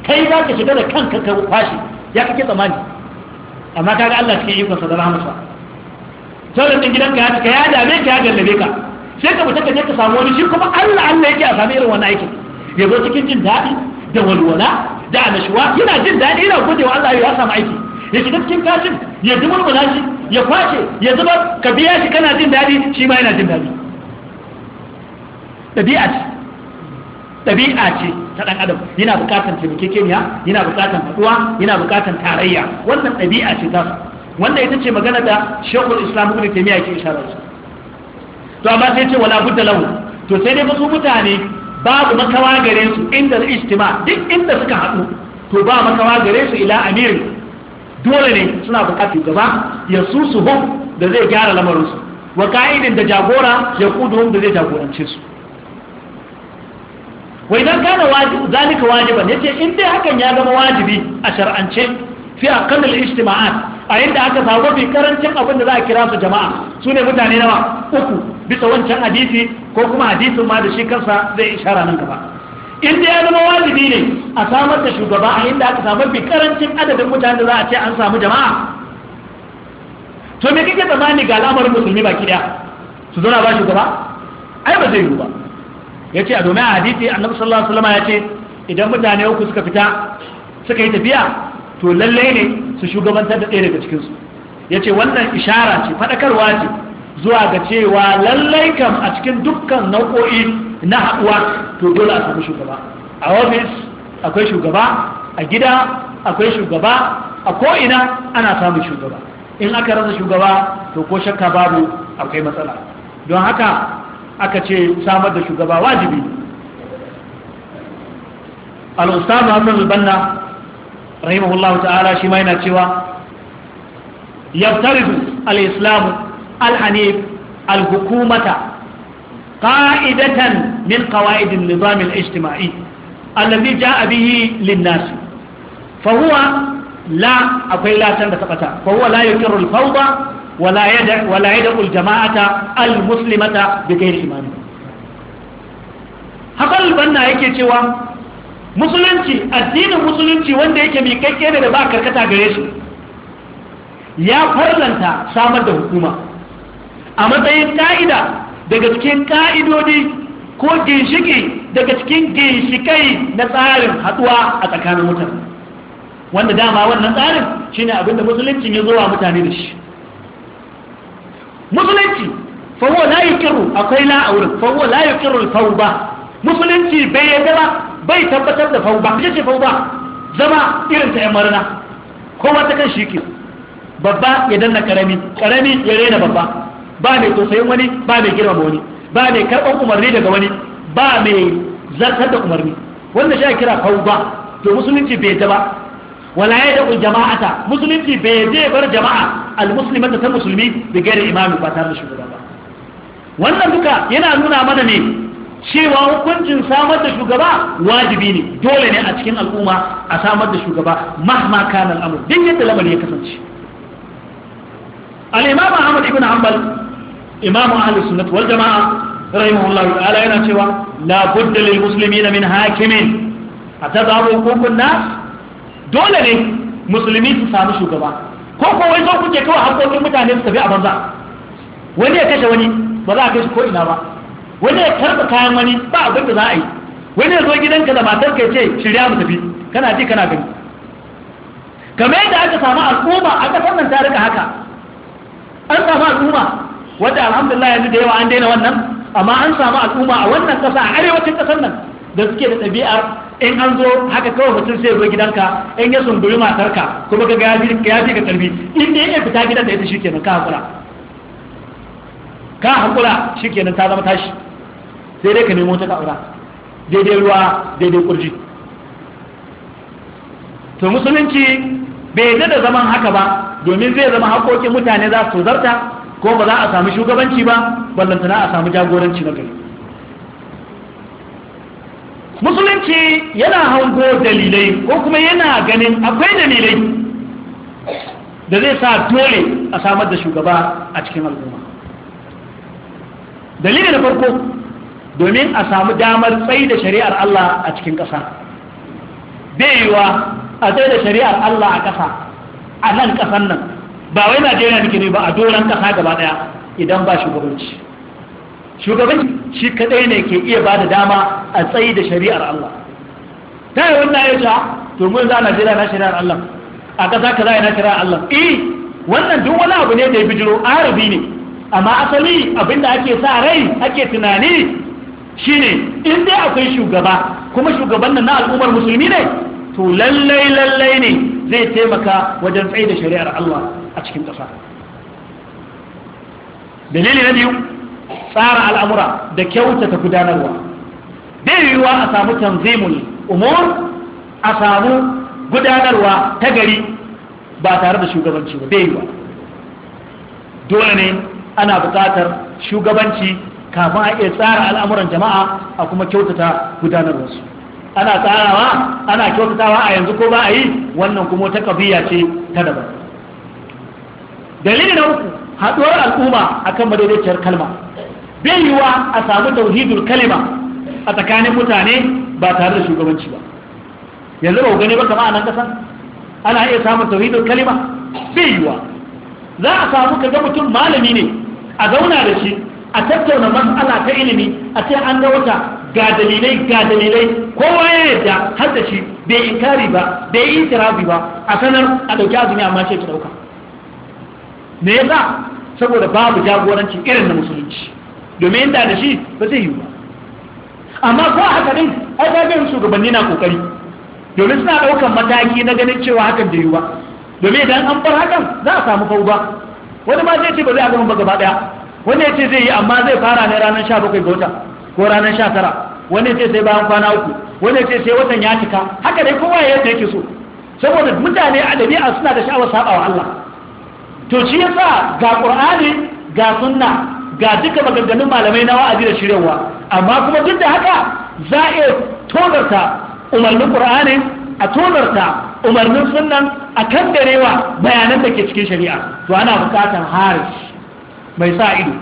kai za ka shiga da kanka ka kwashe ya kike tsammani amma kaga Allah cikin ikonsa da rahmatsa toilet din gidanka ya cika ya dame ka ya gallabe ka sai ka fita ka je ka samu wani shi kuma Allah Allah yake a sami irin wannan aikin ya zo cikin jin daɗi da walwala da annashuwa yana jin daɗi yana gudewa Allah ya samu aiki ya shiga cikin kashin ya dumurmula shi ya kwashe, ya zubar ka biya shi kana jin daɗi shi ma yana jin daɗi ɗabi'a ce ɗabi'a ce ta ɗan adam yana buƙatar taimakekeniya yana buƙatar haɗuwa yana buƙatar tarayya wannan ɗabi'a ce ta wanda ita ce magana da shekul islam ibn taymiya ke isharar to amma sai ce wala budda lahu to sai dai su mutane babu makawa gare su inda ijtima duk inda suka haɗu to ba makawa gare su ila amiri dole ne suna buƙatar gaba ya su su da zai gyara lamarinsu wa ka'idin da jagora ya kudu da zai jagorance su wa idan gane zalika wajiban yace in dai hakan ya zama wajibi a shar'ance fi a al-ijtima'at a yadda aka samu fi karancin abin da za a kira su jama'a su ne mutane nawa uku bisa wancan hadisi ko kuma hadisin ma da shi kansa zai ishara nan gaba in da ya zama wajibi ne a samar da shugaba a inda aka samu bi karancin adadin mutane da za a ce an samu jama'a to me kike tsammani ga al'amarin musulmi baki daya su zo na ba shugaba ai ba zai yiwu ba ya ce a domin a hadisi annabi sallallahu alaihi wasallam ya ce idan mutane uku suka fita suka yi tafiya to lallai ne su shugabantar da ɗaya daga cikinsu ya ce wannan ishara ce faɗakarwa ce zuwa ga cewa lallai kam a cikin dukkan nau'o'i na haɗuwa to dole a samu shugaba a ofis akwai shugaba a gida akwai shugaba a ko'ina ana samun shugaba in aka rasa shugaba to ko shakka babu akwai matsala don haka aka ce samar da shugaba wajibi al'ustamu hannun albanna rahimahullahu ta'ala shi ma yana cewa yaftaridu al-islamu al-hanif al-hukumata qa'idatan min qawaid an-nizam al-ijtima'i alladhi bihi lin fa huwa la akwai latan da tabata fa huwa la yukiru al-fawda wala yada wala jamaata al yake cewa musulunci addinin musulunci wanda yake miƙaƙƙe ne da ba karkata gare shi ya farlanta samar da hukuma a matsayin ka'ida daga cikin ka'idodi ko ginshiki daga cikin ginshikai na tsarin haɗuwa a tsakanin mutane wanda dama wannan tsarin shine abin da musulunci ya zo wa mutane da shi musulunci fawo la yukiru akwai la aurin fawo la yukiru ba musulunci bai yadda ba bai tabbatar da ba ya ce ba zama irin ta yan marna ko ta kan shi ke. babba ya danna karami karami ya rena babba ba mai tausayin wani ba mai girma wani ba mai karɓar umarni daga wani ba mai zartar da umarni wanda shi kira tauba to musulunci bai ta ba wala ya da'u jama'ata musulunci bai je bar jama'a da ta musulmi da gari imami ba tare da shugaba ba wannan duka yana nuna mana ne cewa hukuncin samar da shugaba wajibi ne dole ne a cikin al'umma a samar da shugaba mahma kana al'amur din yadda lamari ya kasance al-imam Ahmad ibn Hanbal imamu ahli sunnat wal jama'a rahimahullahu ta'ala yana cewa la budda lil muslimina min hakimin atazabu hukukun nas dole ne musulmi su samu shugaba ko ko wai zo kuke kawai hakokin mutane su tafi a banza wani ya kashe wani ba za a kashe ko ina ba wani ya karba kayan wani ba abin da za a yi wani ya zo gidanka da matar ka ce shirya mu tafi kana ji kana gani kamar yadda aka samu al'umma a kasar nan ta rika haka an samu al'umma wanda alhamdulillah yanzu da yawa an daina wannan amma an samu al'umma a wannan kasa a arewacin kasar nan da suke da ɗabi'ar in an zo haka kawai mutum sai zo gidanka in ya sunduri matarka kuma ka ga ya fi ka karfi in dai ya fita gidan da ita shi kenan ka hakura ka hakura shi kenan ta zama tashi sai dai ka nemo ta ka'ura daidai ruwa daidai kurji to musulunci bai yadda da zaman haka ba domin zai zama haƙoƙin mutane za su zarta ko ba za a samu shugabanci ba ballantana a samu jagoranci na gari musulunci yana hango dalilai ko kuma yana ganin akwai dalilai da zai sa dole a samar da shugaba a cikin al'umma dalili na farko domin a samu damar tsayi da shari'ar Allah a cikin ƙasa bai a tsayi da shari'ar Allah a ƙasa a nan ƙasan nan ba wai najeriya muke ne ba a doron ƙasa gaba ɗaya idan ba shugabanci shugabanci shi kaɗai ne ke iya ba da dama a tsayi da shari'ar allah ta yi wannan ya to mun za a najeriya na shari'ar allah a ƙasa kaza na shari'ar allah eh wannan duk wani abu ne da ya bijiro arabi ne amma asali abinda ake sa rai ake tunani shine in dai akwai shugaba kuma shugaban nan na al'ummar musulmi ne to lallai lallai ne zai taimaka wajen tsaye da shari'ar Allah a cikin ƙasa dalili na biyu tsara al'amura da kyautata gudanarwa bai yiwuwa a samu tanzimul umur a samu gudanarwa ta gari ba tare da shugabanci ba bai yiwuwa dole ne ana buƙatar shugabanci kafin a iya tsara al'amuran jama'a a kuma kyautata gudanarwarsu ana tsarawa ana kyautatawa a yanzu ko ba a yi wannan kuma ta ƙabiyya ce ta daban dalili na uku haɗuwar al'umma akan madaidaiciyar kalma bai yiwa a samu tauhidul kalima a tsakanin mutane ba tare da shugabanci ba yanzu ba gani ba kama a nan kasan ana iya samun tauhidul kalima bai yiwa za a samu kaga mutum malami ne a zauna da shi a tattauna mas'ala ta ilimi a ce an ga wata ga dalilai ga dalilai kowa ya yarda har da shi bai inkari ba bai yi tirabi ba a sanar a ɗauki azumi amma ce ki ɗauka. me yasa saboda babu jagoranci irin na musulunci domin inda da shi ba zai yi ba amma ko haka din ai ga shugabanni na kokari domin suna daukan mataki na ganin cewa hakan da yiwuwa domin idan an bar hakan za a samu fauba wani ma zai ce ba zai azumin ba gaba daya wani ya ce zai yi amma zai fara ne ranar 17 ga wata ko ranar 19 wani ya ce sai bayan kwana uku wani ya ce sai watan ya cika haka dai kowa ya yadda yake so saboda mutane a dabi'a suna da sha'awar wa Allah to shi yasa ga qur'ani ga sunna ga duka maganganun malamai na wa'azi da shiryarwa amma kuma duk da haka za a tonarta umarnin qur'ani a tonarta umarnin sunnan a kan darewa bayanan da ke cikin shari'a to ana bukatar haris mai sa ido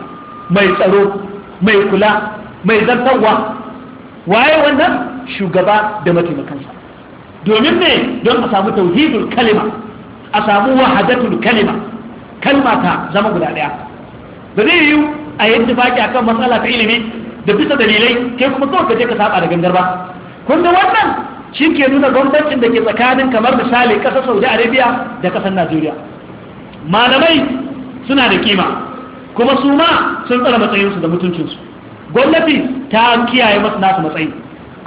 mai tsaro mai kula mai zartarwa waye wannan shugaba da mataimakansa domin ne don a samu tauhidul kalima a samu wahadatul kalima kalma ta zama guda daya ba zai yiwu a yi tufaki akan matsala ta ilimi da bisa dalilai ke kuma kawai ka je ka saba da gangar ba kun da wannan shi ke nuna gwamnatin da ke tsakanin kamar misali ƙasar saudi arabia da ƙasar najeriya malamai suna da kima kuma su ma sun tsara matsayinsu da mutuncinsu gwamnati ta kiyaye masu nasu matsayi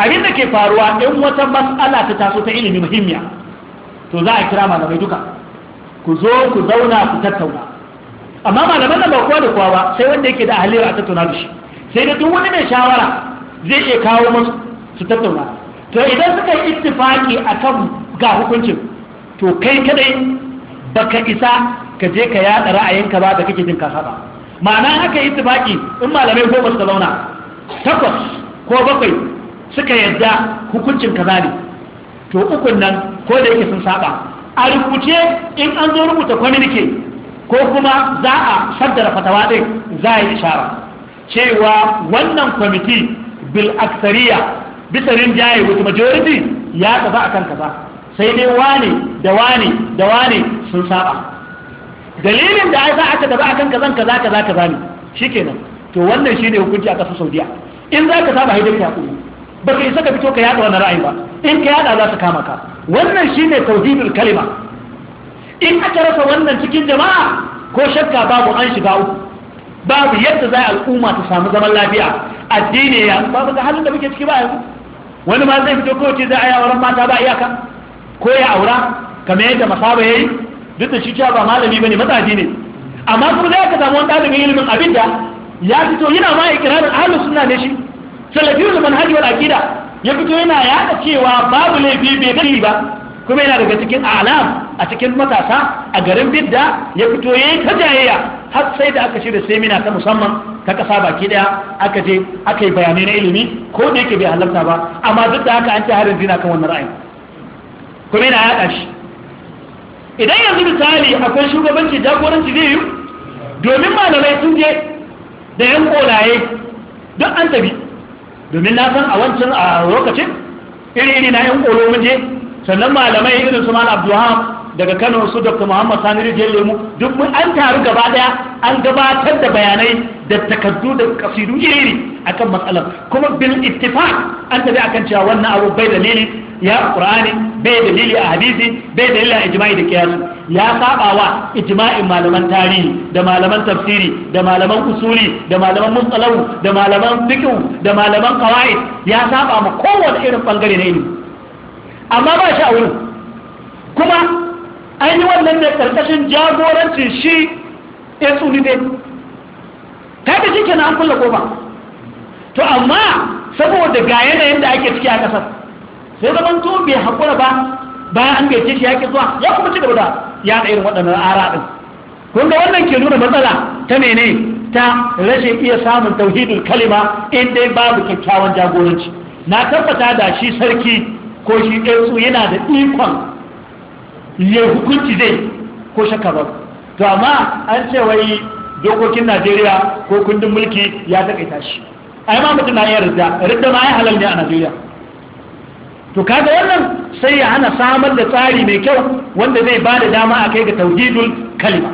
abin da ke faruwa in wata matsala ta taso ta ilimi muhimmiya to za a kira malamai duka ku zo ku zauna ku tattauna amma malaman nan ba kowa da kowa ba sai wanda yake da ahaliyar a tattauna da shi sai da duk wani mai shawara zai iya kawo musu su tattauna to idan suka yi ittifaki akan ga hukuncin to kai kadai baka isa ka je ka yada ra'ayinka ba da kake jin kasa ba ma'ana aka yi ittifaki in malamai goma suka zauna takwas ko bakwai suka yadda hukuncin kaza ne to ukun nan ko da yake sun saba a rubuce in an zo rubuta nike ko kuma za a shaddara fatawa ɗin za a yi ishara cewa wannan kwamiti bil aksariya bisa rinjaye with majority ya tafi a kan kaza sai dai wane da wane da wane sun saba dalilin da za aka tafi a kan kazan kaza kaza kaza ne shikenan to wannan shine hukunci a kasar saudiya in za ka saba haidai ya hakuri baka isa ka fito ka yada wani ra'ayi ba in ka yada za su kama ka wannan shine tauhidul kalima in aka rasa wannan cikin jama'a ko shakka babu an shiga uku babu yadda za al'umma ta samu zaman lafiya addini ya babu ga halin da muke ciki ba yanzu wani ma zai fito ko ce za a yi auren mata ba iyaka ko ya aura kamar yadda masaba yayi duk da shi cewa ba malami bane matsaji ne amma kuma zai ka samu wani ɗalibin ilimin abin da ya fito yana ma ikirarin ahlus sunna ne shi salafiyul manhaji wal aqida ya fito yana yada cewa babu laifi bai dani ba kuma yana daga cikin alam a cikin matasa a garin bidda ya fito ya yi ta jayayya har sai da aka shirya semina ta musamman ta kasa baki daya aka je aka yi bayanai na ilimi ko da yake bai halarta ba amma duk da haka an ci harin zina kan wannan ra'ayi kuma yana yaɗa shi idan yanzu misali akwai shugabanci jagoranci zai yi domin malamai sun je da yan kolaye don an tafi domin na san a wancan a lokacin iri-iri na yan ƙoro mun je sannan malamai irin su mana abdullahi daga kano su dr muhammad sani rijiyar lemu duk mun an taru gaba daya an gabatar da bayanai da takardu da kasidu iri akan matsalar kuma bil ittifaq an tafi akan cewa wannan abu bai dalili ya qur'ani bai dalili a hadisi bai dalili a ijma'i da qiyas ya saba wa ijma'in malaman tarihi da malaman tafsiri da malaman usuli da malaman mustalahu da malaman fiqh da malaman qawaid ya saba ma kowanne irin bangare na ilimi amma ba shi a wurin kuma an yi wannan ne karkashin jagorancin shi ya tsuni dai ta da shi kenan an kulle kofa to amma saboda ga yanayin da ake ciki a kasar sai zaman to bai hakura ba bayan an gaice shi yaƙi zuwa ya kuma ci gaba da ya irin waɗannan ara ɗin kun wannan ke nuna matsala ta mene ta rashin iya samun tauhidin kalima in dai babu kyakkyawan jagoranci na tabbata da shi sarki ko shi ɗansu yana da ikon ya hukunci zai ko shakka ba to amma an ce wai dokokin najeriya ko kundin mulki ya taƙaita shi ai ma mutum na iya rida rida ma ya halal ne a najeriya to kaga wannan sai ya hana samar da tsari mai kyau wanda zai ba da dama a kai ga tauhidul kalima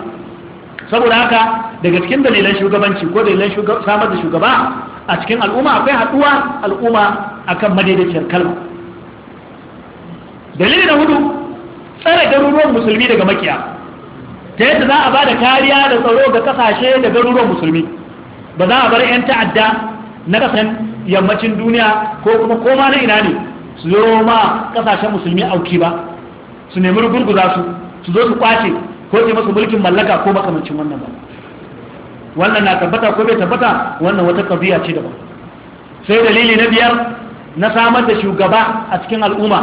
saboda haka daga cikin dalilan shugabanci ko dalilan samar da shugaba a cikin al'umma akwai haɗuwa al'umma akan madaidaiciyar kalma dalili na hudu tsare garuruwan musulmi daga makiya ta yadda za a ba da kariya da tsaro ga kasashe da garuruwan musulmi ba za a bar 'yan ta'adda na kasan yammacin duniya ko kuma koma na ina ne su yi ma kasashen musulmi auki ba su nemi rugurguza su su zo su kwace ko ce masu mulkin mallaka ko makamancin wannan ba wannan na tabbata ko bai tabbata wannan wata kabiya ce daban sai dalili na biyar na samar da shugaba a cikin al'umma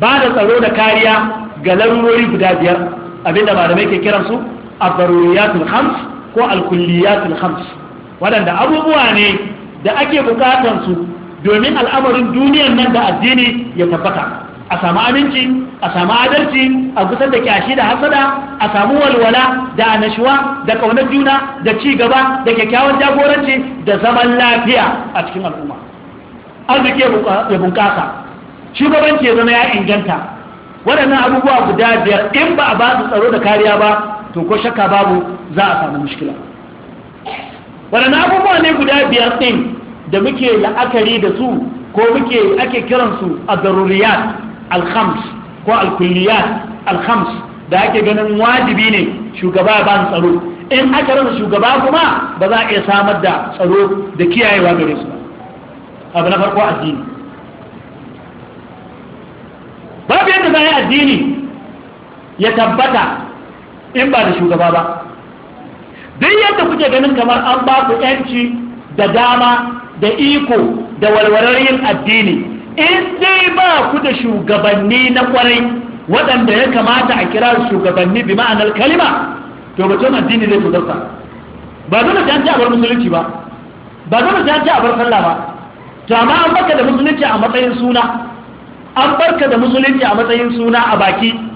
ba da tsaro da kariya ga larurori guda biyar abinda malamai ke kiransu a zaruriyatul hams ko alkulliyatul hams waɗanda abubuwa ne da ake bukatansu domin al'amarin duniyar nan da addini ya tabbata a samu aminci a samu adalci a kusan da kyashi da hasada a samu walwala da anashuwa da ƙaunar juna da ci gaba da kyakkyawan jagoranci da zaman lafiya a cikin al'umma arziki ya bunƙasa shugabanci ya zama ya inganta waɗannan abubuwa guda biyar in ba a ba su tsaro da kariya ba to ko shakka babu za a samu mushkila waɗannan abubuwa ne guda biyar ɗin da muke la'akari da su ko muke ake kiransu a daruriyat alhams ko alkulliyat alhams da ake ganin wajibi ne shugaba ya ba tsaro in aka rasa shugaba kuma ba za a iya samar da tsaro da kiyayewa gare su abu na farko addini babu yadda za a yi addini ya tabbata in ba da shugaba ba duk yadda kuke ganin kamar an ba ku yanci da dama da iko da walwalar yin addini in dai ba ku da shugabanni na kwarai waɗanda ya kamata a kira shugabanni bi ma'anar kalima to batun addini zai tozarsa ba dole ta ci a bar musulunci ba ba dole ta ci a bar sallah ba to amma an barka da musulunci a matsayin suna an barka da musulunci a matsayin suna a baki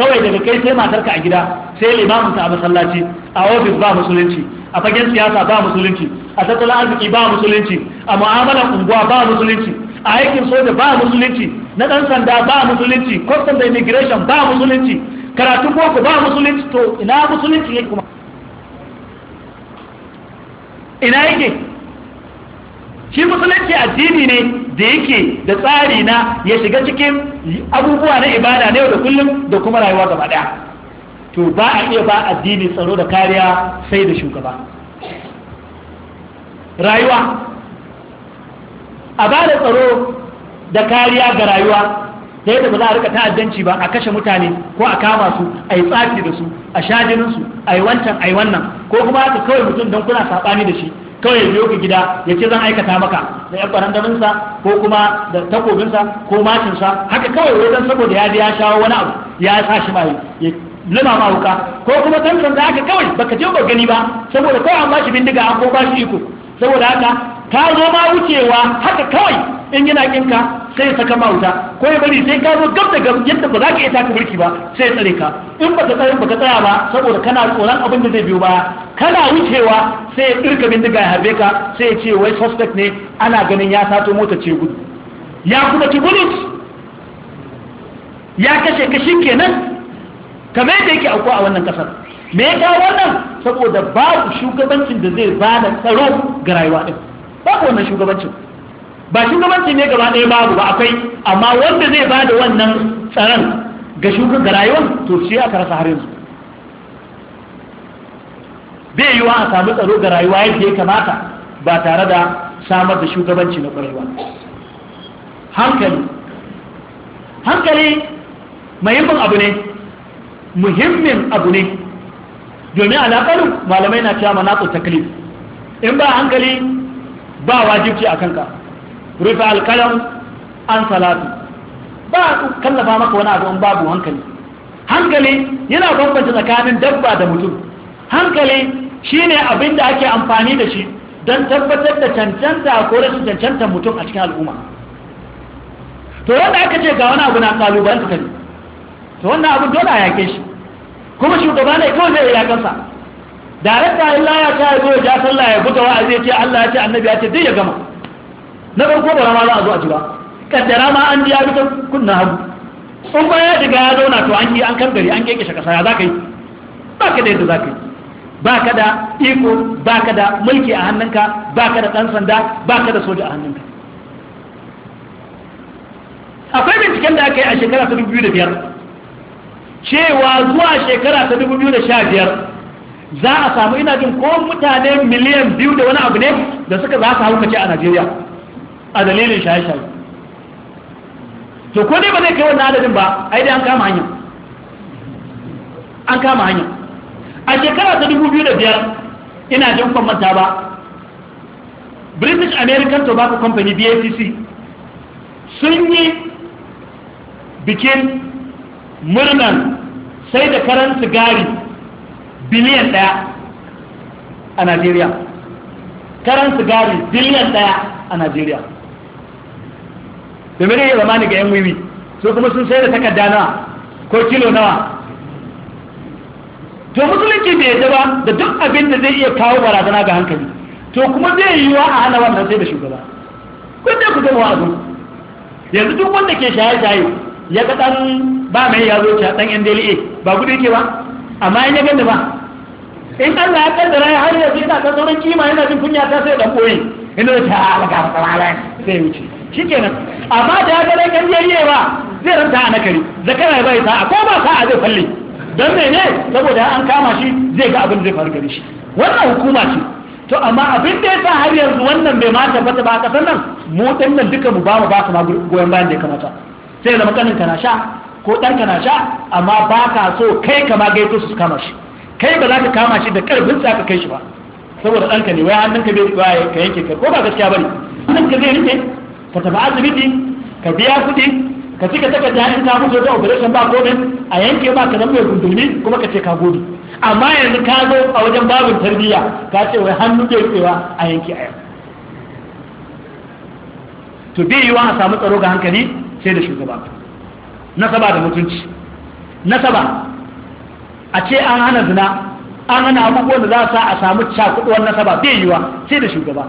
kawai daga kai sai matarka a gida sai ta a masallaci a ofis ba musulunci a fagen siyasa ba musulunci a tattalin arziki ba musulunci a mu'amalar unguwa ba musulunci a aikin soja ba musulunci na dan sanda ba musulunci custom da immigration ba musulunci karatun boko ba musulunci to ina musulunci yake kuma ina yake shi musulunci addini ne da yake da tsari na ya shiga cikin abubuwa na ibada na yau da kullum da kuma rayuwa gaba daya to ba a iya ba addini tsaro da kariya sai da shugaba rayuwa a ba da tsaro da kariya ga rayuwa ta yadda ba za a rika ta'addanci ba a kashe mutane ko a kama su a yi tsafi da su a sha jininsu a yi wancan a yi wannan ko kuma haka kawai mutum don kuna saɓani da shi kawai ya biyo ka gida ya ce zan aikata maka da yan barandaminsa ko kuma da takobinsa ko mashinsa. haka kawai wajen saboda ya ya shawo wani abu ya sa shi mai ya lima ma wuka ko kuma tantan da haka kawai baka je ba gani ba saboda kawai an ba shi bindiga an ko ba shi iko saboda haka ka zo ma wucewa haka kawai in yana kinka sai ya saka mawuta ko ya bari sai ka zo gab da gab yadda ba za ka iya taka burki ba sai ya tsare ka in ba ka tsaya ka tsaya ba saboda kana tsoron abin da zai biyo baya kana wucewa sai ya dirka bindiga ya harbe ka sai ya ce wai suspect ne ana ganin ya sato mota ce gudu ya kuma ki bullet ya kashe kashin kenan kamar yadda yake aukuwa a wannan kasar me ya kawo wannan saboda babu shugabancin da zai bada tsaro ga rayuwa din babu wannan shugabancin ba shugabanci ne gaba ɗaya babu ba akwai amma wanda zai ba da wannan tsaron ga shugaban ga to shi aka rasa har yanzu bai a samu tsaro ga rayuwa yadda ya kamata ba tare da samar da shugabanci na ƙwarewa hankali hankali muhimmin abu ne muhimmin abu ne domin alaƙarin malamai na cewa manatsu taklif in ba hankali ba wajibci a kanka rufe alkalam an salatu ba a kallafa maka wani abu babu hankali hankali yana bambanta tsakanin dabba da mutum hankali shine abin da ake amfani da shi don tabbatar da cancanta ko rashin cancanta mutum a cikin al'umma to wanda aka ce ga wani abu na kalubalen ka ne to wannan abu dole a yake shi kuma shugaba ne kawai zai yakansa darakta Allah ya ta zo ya ja sallah ya buga wa'azi ya ce Allah ya ce annabi ya ce duk ya gama na farko da ma za a zo a ji ba kaddara ma an ji ya bi kunna hagu sun ba ya shiga ya zauna to an yi an kan gari an keke kasa ya za ka yi ba ka da yadda za ka yi ba ka da iko ba ka da mulki a hannunka ba ka da ɗan sanda ba ka da soja a hannunka akwai binciken da aka yi a shekara ta dubu biyu da biyar cewa zuwa shekara ta dubu biyu da sha biyar za a samu ina jin ko mutane miliyan biyu da wani abu ne da suka za su haukace a najeriya a dalilin shaye-shaye to ko dai ba zai kai wannan adadin ba ai dai an kama hanya an kama hanya a shekara ta dubu biyu da biyar ina jin kwamanta ba british american tobacco company batc sun yi bikin murnan sai da karan sigari biliyan daya a najeriya karan sigari biliyan daya a najeriya domin zai zama ni ga yan wiwi su kuma sun sai da takarda nawa ko kilo nawa to musulunci bai yadda ba da duk abin da zai iya kawo barazana ga hankali to kuma zai yi wa a hana wannan sai da shugaba ko dai ku gama wa'azu yanzu duk wanda ke shaye-shaye ya ga dan ba mai ya zo dan yan dele ba gudu yake ba amma in ya ganda ba in Allah ya kaddara ya har yanzu ina ta sauran kima yana jin kunya ta sai dan koyi inda ta alaka ah, fara sai wuce kenan amma da ya ga kan jeriya ba zai ranta a nakari zakara ya bai sa'a ko ba sa'a zai falle don ne saboda an kama shi zai ga abin zai faru gare shi wannan hukuma ce to amma abin da ya sa har yanzu wannan bai ma tabbata ba a kasan nan mu dan nan duka mu ba mu ba su ma goyon bayan da ya kamata sai zama kanin kana sha ko dan kana sha amma ba ka so kai kama gaito su kama shi kai ba za ka kama shi da karfin sa ka kai shi ba saboda ɗanka ne wai hannunka bai ka yanke ka ko ba gaskiya bane hannunka zai rike ka tafi asibiti ka biya kuɗi ka cika takarda in ka mutu wata operation ba komen a yanke ba ka zama mai gundumi kuma ka ce ka gobe. amma yanzu ka zo a wajen babin tarbiyya ka ce wai hannu bai tsewa a yanke a yau to bai yiwa a samu tsaro ga hankali sai da shugaba nasaba da mutunci nasaba a ce an hana zina an hana abubuwan da za a sa a samu cakuɗuwar nasaba bai yiwa sai da shugaba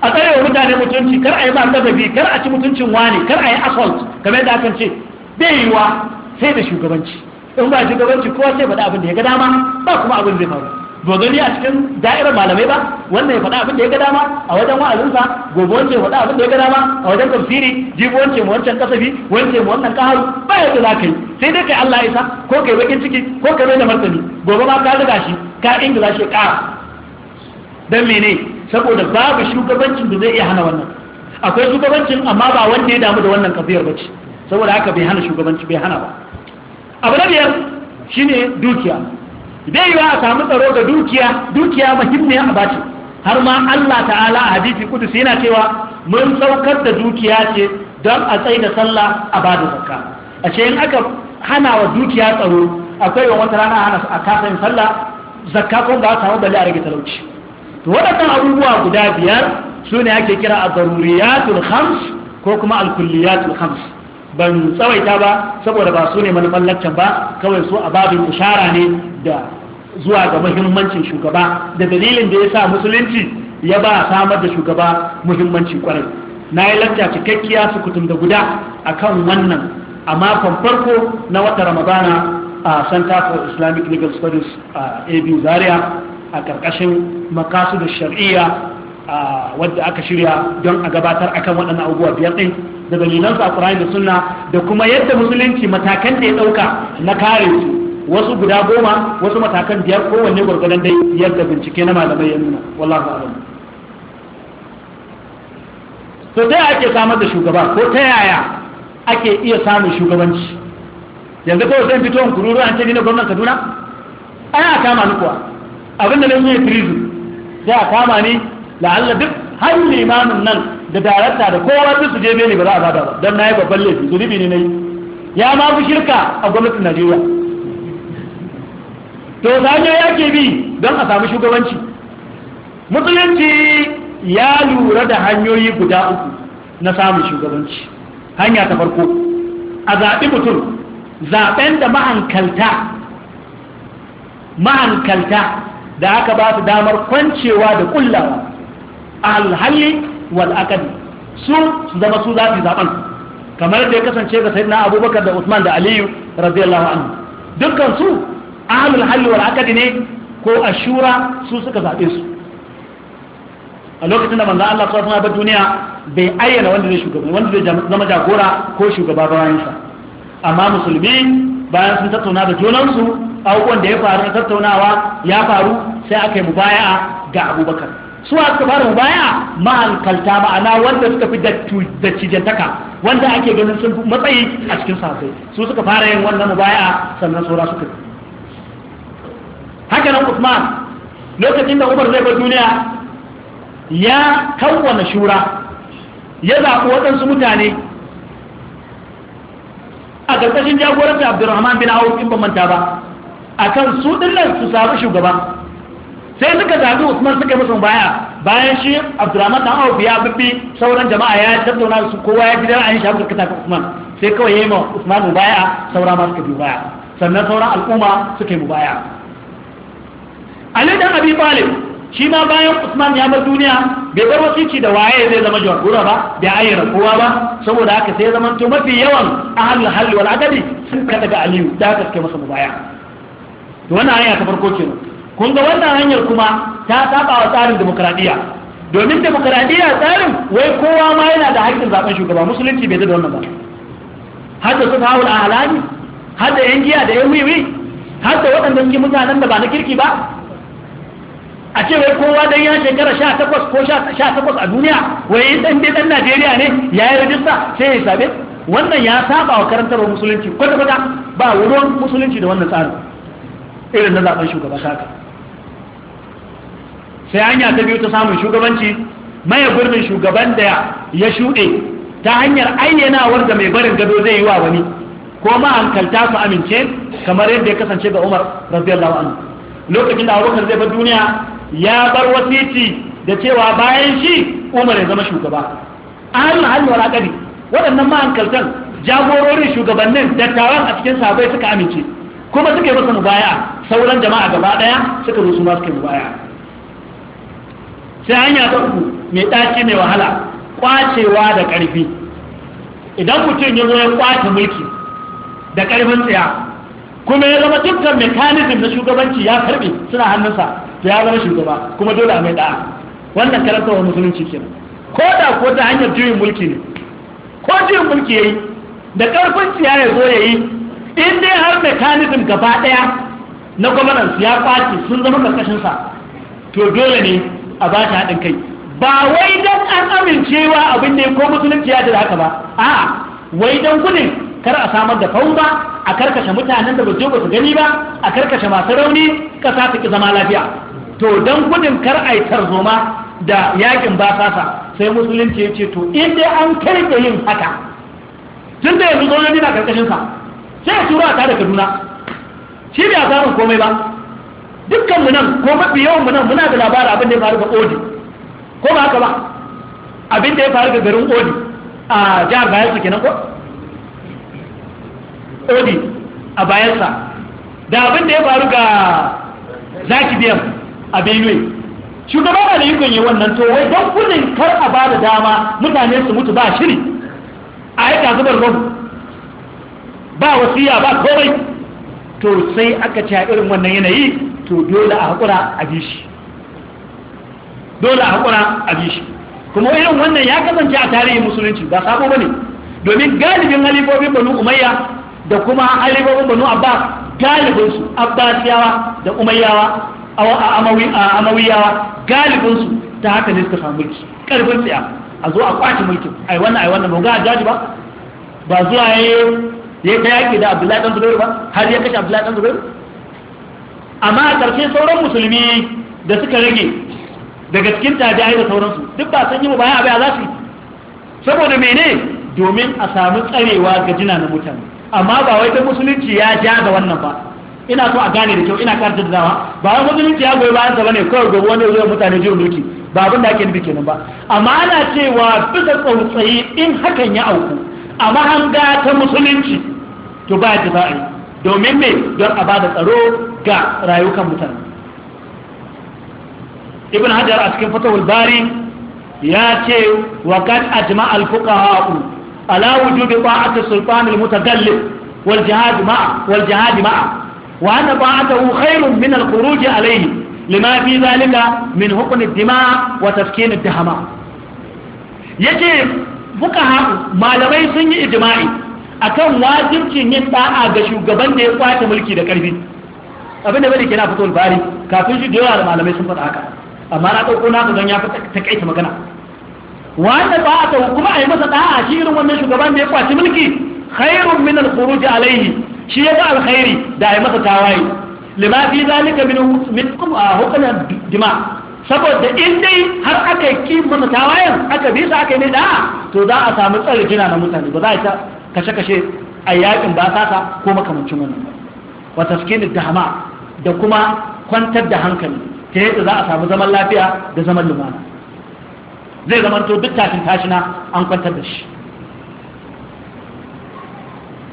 a tsare wa mutane mutunci kar a yi ba gazabi kar a ci mutuncin wani kar a yi assault kamar yadda aka ce bai wa sai da shugabanci in ba shugabanci kowa sai faɗa abin da ya ga dama ba kuma abin zai faru ba gani a cikin da'irar malamai ba wannan ya faɗa abin da ya ga dama a wajen wa'azinsa gobe wance ya faɗa abin da ya ga dama a wajen tafsiri jibi wance mu wancan kasafi wance mu wannan kaharu ba yadda za ka yi sai dai kai Allah isa ko kai bakin ciki ko kai da martani gobe ma ka riga shi ka ingila shi ka dan mene saboda babu shugabancin da zai iya hana wannan akwai shugabancin amma ba wanda ya damu da wannan kafiyar bace saboda haka bai hana shugabanci bai hana ba abu na biyar ne dukiya bai wa a samu tsaro da dukiya dukiya muhimmiyar a bace har ma Allah ta'ala a hadisi kudus yana cewa mun saukar da dukiya ce don a tsaye da sallah a bada zakka a ce in aka hana wa dukiya tsaro akwai wa wata rana hana a yin sallah zakka kuma ba a samu bali a rage talauci waɗannan abubuwa guda biyar su ne ake kira a zaruriyatul khams ko kuma alkulliyatul khams ban tsawaita ba saboda ba su ne manufan laccan ba kawai su a babin ishara ne da zuwa ga muhimmancin shugaba da dalilin da ya sa musulunci ya ba samar da shugaba muhimmanci kwarai na yi lacca cikakkiya su kutum da guda akan wannan a makon farko na wata ramadana a center for islamic legal studies a ab zaria a ƙarƙashin da shari'a wadda aka shirya don a gabatar akan waɗannan abubuwa biyar ɗin da dalilan su a Qur'ani da Sunna da kuma yadda musulunci matakan da ya ɗauka na kare su wasu guda goma wasu matakan biyar kowanne gwargwadon dai yadda bincike na malamai ya nuna wallahu a'lam to ta ake samar da shugaba ko ta yaya ake iya samun shugabanci yanzu kawai sai fito in kururu an ce ni na gwamnan Kaduna ana kama ni kuwa abinda na yi prison sai a kama ni la'alla duk har limamin nan da darakta da kowa duk su je beli ba za a bada ba don na yi babban laifi zunubi ne na ya ma fi shirka a gwamnatin najeriya to ta ya yake bi don a samu shugabanci musulunci ya lura da hanyoyi guda uku na samun shugabanci hanya ta farko a zaɓi mutum zaɓen da mahankalta mahankalta da aka ba su damar kwancewa da kullawa a alhalli wal akadi su su zama su za su zaben kamar da ya kasance ga sayyidina abubakar da usman da aliyu radiyallahu anhu dukkan su ahlul halli wal akadi ne ko ashura su suka zabe su a lokacin da manzo Allah sallallahu alaihi duniya bai ayyana wanda zai shugaba wanda zai zama jagora ko shugaba bayan sa amma musulmi bayan sun tattauna da junansu abubuwan da ya faru na tattaunawa ya faru sai aka yi mubaya ga abubakar su suka fara mubaya ma'ankalta ma'ana wanda suka fi da cijantaka wanda ake ganin sun matsayi a cikin safai su suka fara yin wannan mubaya sannan saura suka haka nan usman lokacin da umar zai bar duniya ya kawwana shura ya zaɓi waɗansu mutane a ƙarƙashin jagoranci abdurrahman bin awuf in ban manta ba A kan su dinnan su samu shugaba sai suka zaɓi usman suka yi musamman baya bayan shi abdurrahman dan awuf ya bibbi sauran jama'a ya tattauna da su kowa ya gidan an shafi kata usman sai kawai ya yi ma usman baya saura ma suka biyu baya sannan sauran al'umma suka yi baya ali dan abi talib shi ma bayan Usman ya bar duniya bai bar wasici da waye zai zama jagora ba bai ayyana kowa ba saboda haka sai zaman to mafi yawan ahlul halli wal adadi sun ka ga Aliyu da aka suke masa mubaya to wannan hanya ta farko kenan kun ga wannan hanyar kuma ta saba wa tsarin demokradiya domin demokradiya tsarin wai kowa ma yana da haƙƙin zaben shugaba musulunci bai da wannan ba har da su fa'ul ahlani har da yan giya da yan wiwi har da waɗanda suke mutanen da ba na kirki ba a ce wai kowa dan ya shekara sha takwas ko sha takwas a duniya wai dan dai dan Najeriya ne ya yi rajista sai ya sabe wannan ya saba wa karantarwar musulunci kwata kwata ba wurin musulunci da wannan tsarin irin na zaben shugaba saka sai hanya ta biyu ta samun shugabanci maye gurbin shugaban da ya shuɗe ta hanyar ayyanawar da mai barin gado zai yi wa wani ko ma hankalta su amince kamar yadda ya kasance ga Umar radiyallahu anhu lokacin da Abubakar zai bar duniya ya bar wasiti da cewa bayan shi umar ya zama shugaba a hannun hannun kadi waɗannan ma'ankaltar jagororin shugabannin dattawan a cikin sabai suka amince kuma suka yi masa mubaya sauran jama'a gaba ɗaya suka zo su ma suka mubaya sai hanya ta uku mai ɗaki mai wahala kwacewa da ƙarfi idan mutum ya zo ya kwace mulki da ƙarfin tsaya kuma ya zama dukkan mekanism na shugabanci ya karbe suna hannunsa ya zama shugaba kuma dole a mai da'a wannan karantarwar musulunci kenan ko da ko ta hanyar juyin mulki ne ko juyin mulki yayi da karfin siya ya zo yayi in dai har mekanizm gaba ɗaya na gwamnan ya kwace sun zama karkashin sa to dole ne a ba shi haɗin kai ba wai dan an amincewa abin da ko musulunci ya da haka ba a'a wai dan gudun kar a samar da ba, a karkashe mutanen da ba su gani ba a karkashe masu rauni ƙasa ta ki zama lafiya to don gudun kar a yi tarzoma da yakin basasa sai musulunci ya ce to in dai an kai da yin haka tun da yanzu zojoji na karkashinsa sai ya tura ta da kaduna shi a samun komai ba dukkan mu nan ko mafi yawan mu nan muna da labarin abin da ya faru ga odi ko ba haka ba abin da ya faru ga garin odi a jihar bayelsa kenan ko odi a bayelsa da abin da ya faru ga zaki biyan a benue shugaba ba da yukon yi wannan to don kudin kar a ba da dama mutane su mutu ba shiri a yi kasu bargon ba wasiya ba komai to sai aka ci irin wannan yanayi to dole a haƙura a bishi dole a haƙura a bishi kuma irin wannan ya kasance a tarihin musulunci ba sabo ba ne domin galibin halibobin banu umayya da kuma halibobin banu abbas galibinsu abbasiyawa da umayyawa a amawiyawa galibinsu ta haka ne suka samu mulki karfin tsaya a zo a kwace mulkin ai wannan ai wannan ba jaji ba ba zuwa ya ya ta yaki da abdullahi dan zubairu ba har ya kashe abdullahi dan zubairu amma a ƙarshe sauran musulmi da suka rage daga cikin tabi'ai da sauransu duk ba san yi mu bayan a za su saboda mene domin a samu tsarewa ga jina na mutane amma ba wai ta musulunci ya ja da wannan ba ina so a gane da kyau ina karta da dama ba wai musulunci ya goyi bayan sa bane kawai gobe wani zai mutane jirin doki ba abin da ake nufi kenan ba amma ana cewa bisa tsautsayi in hakan ya auku a mahanga ta musulunci to ba ya za a yi domin me don a bada tsaro ga rayukan mutane ibn hajar a cikin fatawul bari ya ce wa kan ajma al fuqaha ala wujubi ta'ati sultan al mutadallil wal jihad ma'a wal jihad ma'a wa anna ba'dahu khairun min al-khuruj alayhi lima fi zalika min hukm ad-dima wa tafkin ad-dahama yace fuqaha malamai sun yi ijma'i akan wajibcin yin ɗa'a ga shugaban da ya kwace mulki da karfi abin da bai kina fito bari kafin shi da yawa malamai sun faɗa haka amma na ɗauko na don ya fi takaita magana wanda ba a kuma a yi masa ɗa'a shi irin shugaban da ya kwaci mulki khairun min al shi ya fi alkhairi da ya masa tawaye lima fi zalika min min ah, hukunan dima saboda in dai har aka ki masa tawayen aka bi sa aka yi da to za a samu tsare jina na mutane ba za a ta kashe kashe a yakin ba sasa ko makamancin wannan wa taskin dama da kuma kwantar da hankali ta yadda za a samu zaman lafiya da zaman lumana zai zamanto duk tashin tashina an kwantar da shi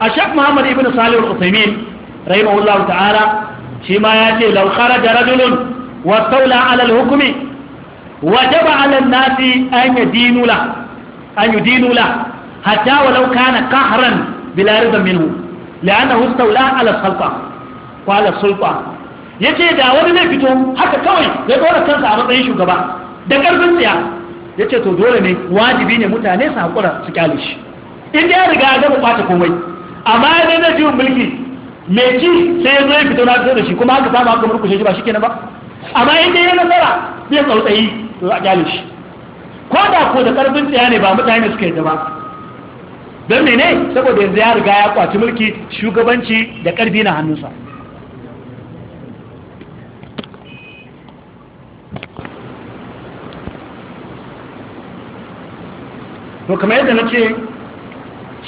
a shaf muhammad ibn salih al-usaimin rahimahullahu ta'ala shi ma ya ce law kharaja rajulun wa tawla ala al-hukmi wajaba ala an-nasi an yadinu la an yadinu la hatta walau kana qahran bila ridan minhu la'annahu istawla ala al-khalqa wa ala al-sulta yace da wani ne fito haka kawai ya dora kansa a matsayin shugaba da karfin tsiya yace to dole ne wajibi ne mutane su hakura su kyale shi in da ya riga ya gaba bata komai amma ya zai zai mulki mai ci sai ya ya fito na da shi kuma haka samu haka murkushe shi ba shi kenan ba amma in dai ya nasara bai tsautsayi to a kyale shi ko da ko da karfin tsaya ne ba mutane suka yadda ba don ne saboda yanzu ya riga ya kwaci mulki shugabanci da karfi na hannunsa to kamar yadda na ce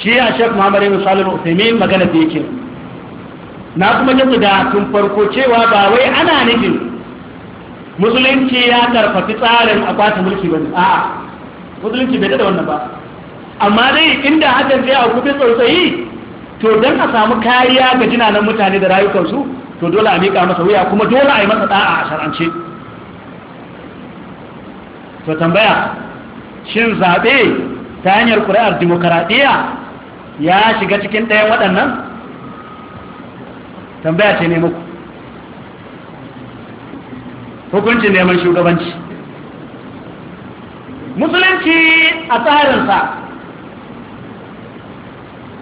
shi ya shek muhammad ibn salih al mai magana da yake na kuma yi da tun farko cewa ba wai ana nufin musulunci ya karfafi tsarin akwatin mulki ba a musulunci bai da wannan ba amma dai inda hakan zai a kufi tsautsayi to don a samu kariya ga jinanan mutane da rayukansu to dole a miƙa masa wuya kuma dole a yi masa ɗa'a a shar'ance to tambaya shin zaɓe ta hanyar ƙuri'ar dimokuraɗiyya ya shiga cikin ɗayan waɗannan tambaya ce ne muku hukuncin neman shugabanci musulunci a tsarinsa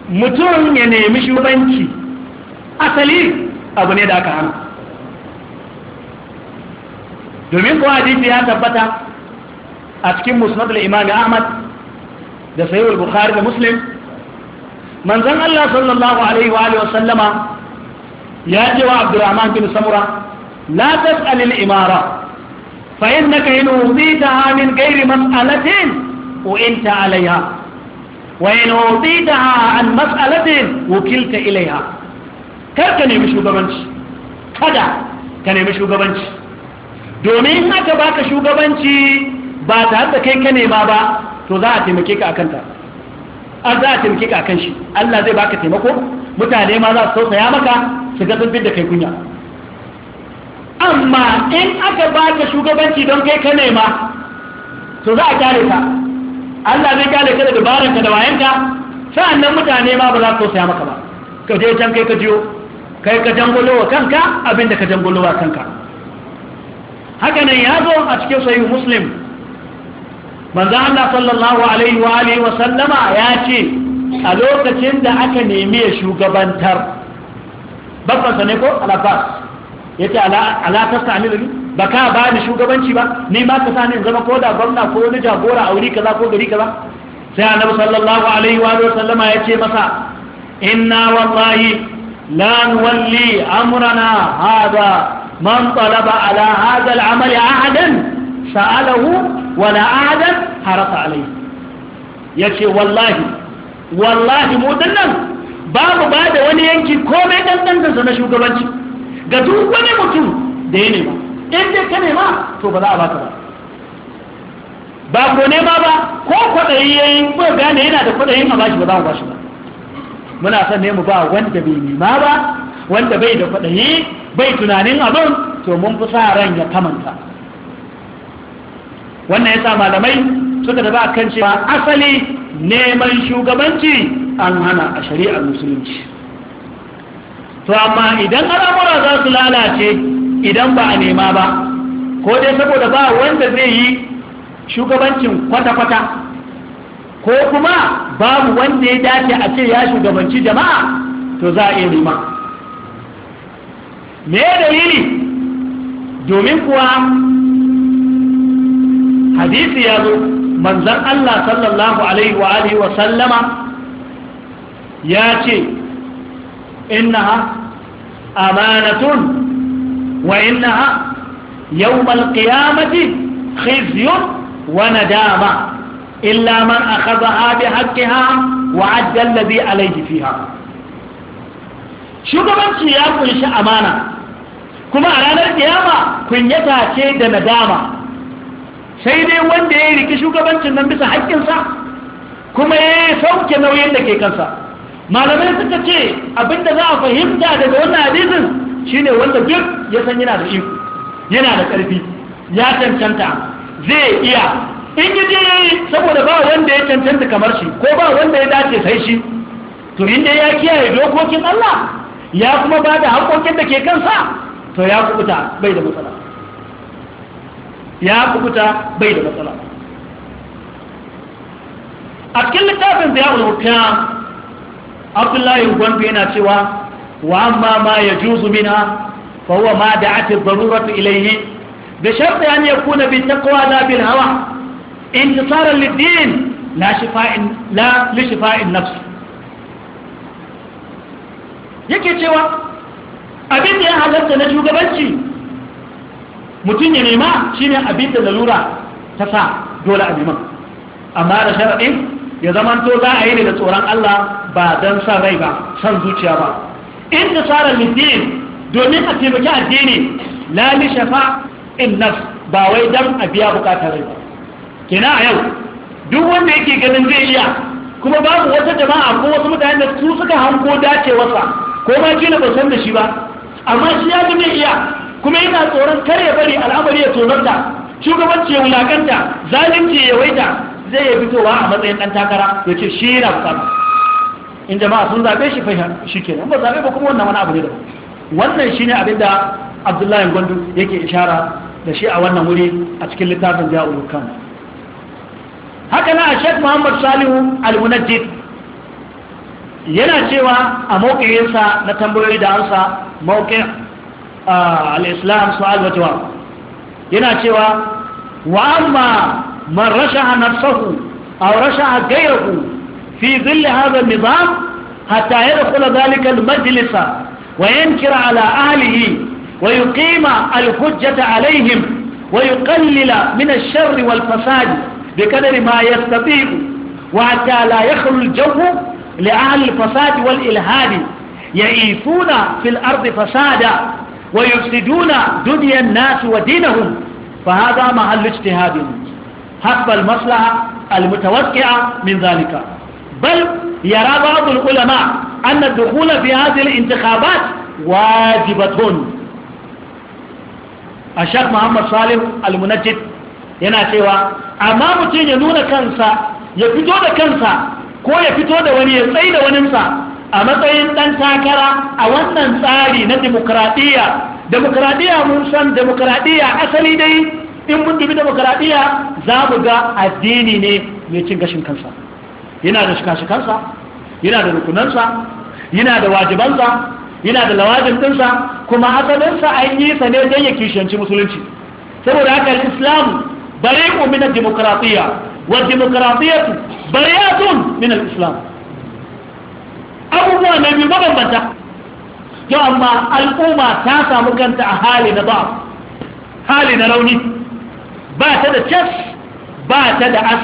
mutum ya nemi shugabanci asali abu ne da aka hana domin kuwa hadisi ya tabbata a cikin musnad imami imam Ahmad da sahih bukhari da Muslim من ذن الله صلى الله عليه وآله وسلم يا جوا عبد الرحمن بن سمرة لا تسأل الإمارة فإنك إن أوضيتها من غير مسألة وإنت عليها وإن أوضيتها عن مسألة وكلت إليها كيف كان يمشوا ببنش كذا كان يمشوا ببنش دومين ما تباك شو ببنش بعد هذا كيف كان يبابا تو ذاتي مكيك أكنتها an za a taimake ka kan shi Allah zai baka taimako mutane ma za su tausaya maka su ga sun da kai kunya amma in aka baka shugabanci don kai ka nema to za a kare ka Allah zai kare ka da dabaran ka da wayanka nan mutane ma ba za su tausaya maka ba ka je can kai ka jiyo kai ka jangolo wa kanka abinda ka jangolo wa kanka haka ya zo a cikin sahihu muslim manzo Allah sallallahu alaihi wa alihi wa sallama ya ce a lokacin da aka nemi ya shugabantar babban sa ne ko alabas yace ala ala ta sami da ba ka ba ni shugabanci ba ni ma ka sani zama ko da gwamna ko wani jagora a wuri kaza ko gari kaza sai annabi sallallahu alaihi wa sallama ya ce masa inna wallahi la nuwalli amrana hada man talaba ala hada al'amali ahadan sa'alahu wala adan harasa Ya yace wallahi wallahi mu dinnan babu ba da wani yanki komai dan na shugabanci ga duk wani mutum da ya nema in dai ka nema to ba za a baka ba ba ko nema ba ko kwaɗayi ya yi ko gane yana da kwaɗayin a bashi ba za a bashi ba muna son ne mu ba wanda bai nema ba wanda bai da kwaɗayi bai tunanin abin to mun fi sa ran ya kamanta wannan ya yasa malamai suka da kan cewa asali neman shugabanci an hana a shari'ar musulunci to amma idan al'amura za su lalace idan ba a nema ba ko dai saboda ba wanda zai yi shugabancin kwata-kwata ko kuma babu wanda ya dace a ce ya shugabanci jama'a to za a iya nema me dalili domin kuwa hadisi ya zo manzan Allah sallallahu alaihi wa alihi wa sallama ya ce innaha amanatun wa innaha yawmal qiyamati khizyun wa nadama illa man akhadha bi haqqiha wa adda alladhi alayhi fiha shugabanci ya kunshi amana kuma a ranar kiyama kunyata ce da nadama sai dai wanda ya yi riki shugabancin nan bisa haƙƙinsa kuma ya yi sauke nauyin da ke kansa malamai suka ce abinda za a fahimta daga wannan hadisin shine wanda duk ya san yana da iko yana da ƙarfi ya cancanta zai iya in yi je saboda ba wanda ya cancanta kamar shi ko ba wanda ya dace sai shi to in dai ya kiyaye dokokin Allah ya kuma ba da haƙƙoƙin da ke kansa to ya kubuta bai da matsala ya kubuta bai da matsala a cikin littafin da ya ulwuta abdullahi gwamfi yana cewa wa amma ma ya juzu mina fa huwa ma da'at ad-daruratu ilayhi bi sharti an yakuna bi taqwa la bil hawa intisaran lid-din la la li shifa'in yake cewa abin da ya halatta na shugabanci mutum ya nema shine abin da lalura ta sa dole a neman amma da sharaɗin ya zamanto za a yi ne da tsoron Allah ba don sa rai ba san zuciya ba in da tsara lidin domin a taimaki addini la shafa in nafs ba wai dan a biya bukatar rai ba kina a yau duk wanda yake ganin zai iya kuma babu wata jama'a ko wasu mutane da su suka hanko dacewarsa ko ma kila ba san da shi ba amma shi ya mai iya kuma yana tsoron kar ya bari al'amari ya tsoranta shugabanci ya wulakanta zalunci ya waita zai ya fitowa a matsayin dan takara ya ce shi yana buƙata in jama'a sun zaɓe shi fahimta shi kenan ba zaɓe ba kuma wannan wani abu ne da wannan ne abin da abdullahi gwandu yake ishara da shi a wannan wuri a cikin littafin ja'ul kan haka na shek muhammad salihu al-munajjid yana cewa a mawqiyinsa na tambayoyi da ansa mawqi' آه، الإسلام سؤال وجواب هنا سوى وأما من رشع نفسه أو رشع غيره في ظل هذا النظام حتى يدخل ذلك المجلس وينكر على أهله ويقيم الحجة عليهم ويقلل من الشر والفساد بقدر ما يستطيع وحتى لا يخل الجو لأهل الفساد والإلهاد يعيثون في الأرض فسادا ويفسدون دنيا الناس ودينهم فهذا محل اجتهاد حسب المصلحة المتوقعة من ذلك بل يرى بعض العلماء أن الدخول في هذه الانتخابات واجبة الشيخ محمد صالح المنجد yana cewa amma mutum ya nuna kansa ya fito da kansa ko ya fito da wani ya tsaye da waninsa a matsayin ɗan takara a wannan tsari na demokradiyya demokradiyya mun san demokradiyya asali dai in mun dubi demokradiyya za mu ga addini ne mai cin gashin kansa yana da shika-shikansa yana da rukunansa yana da wajibansa yana da lawajin ɗinsa kuma asalinsa an yi sa ne don ya kishiyanci musulunci saboda haka islam bare min demokradiyya wa demokradiyyatu bariyatun min al-islam abubuwa na biyu mabambanta yau amma al'umma ta samu kanta a hali na ba hali na rauni ba ta da cas ba ta da as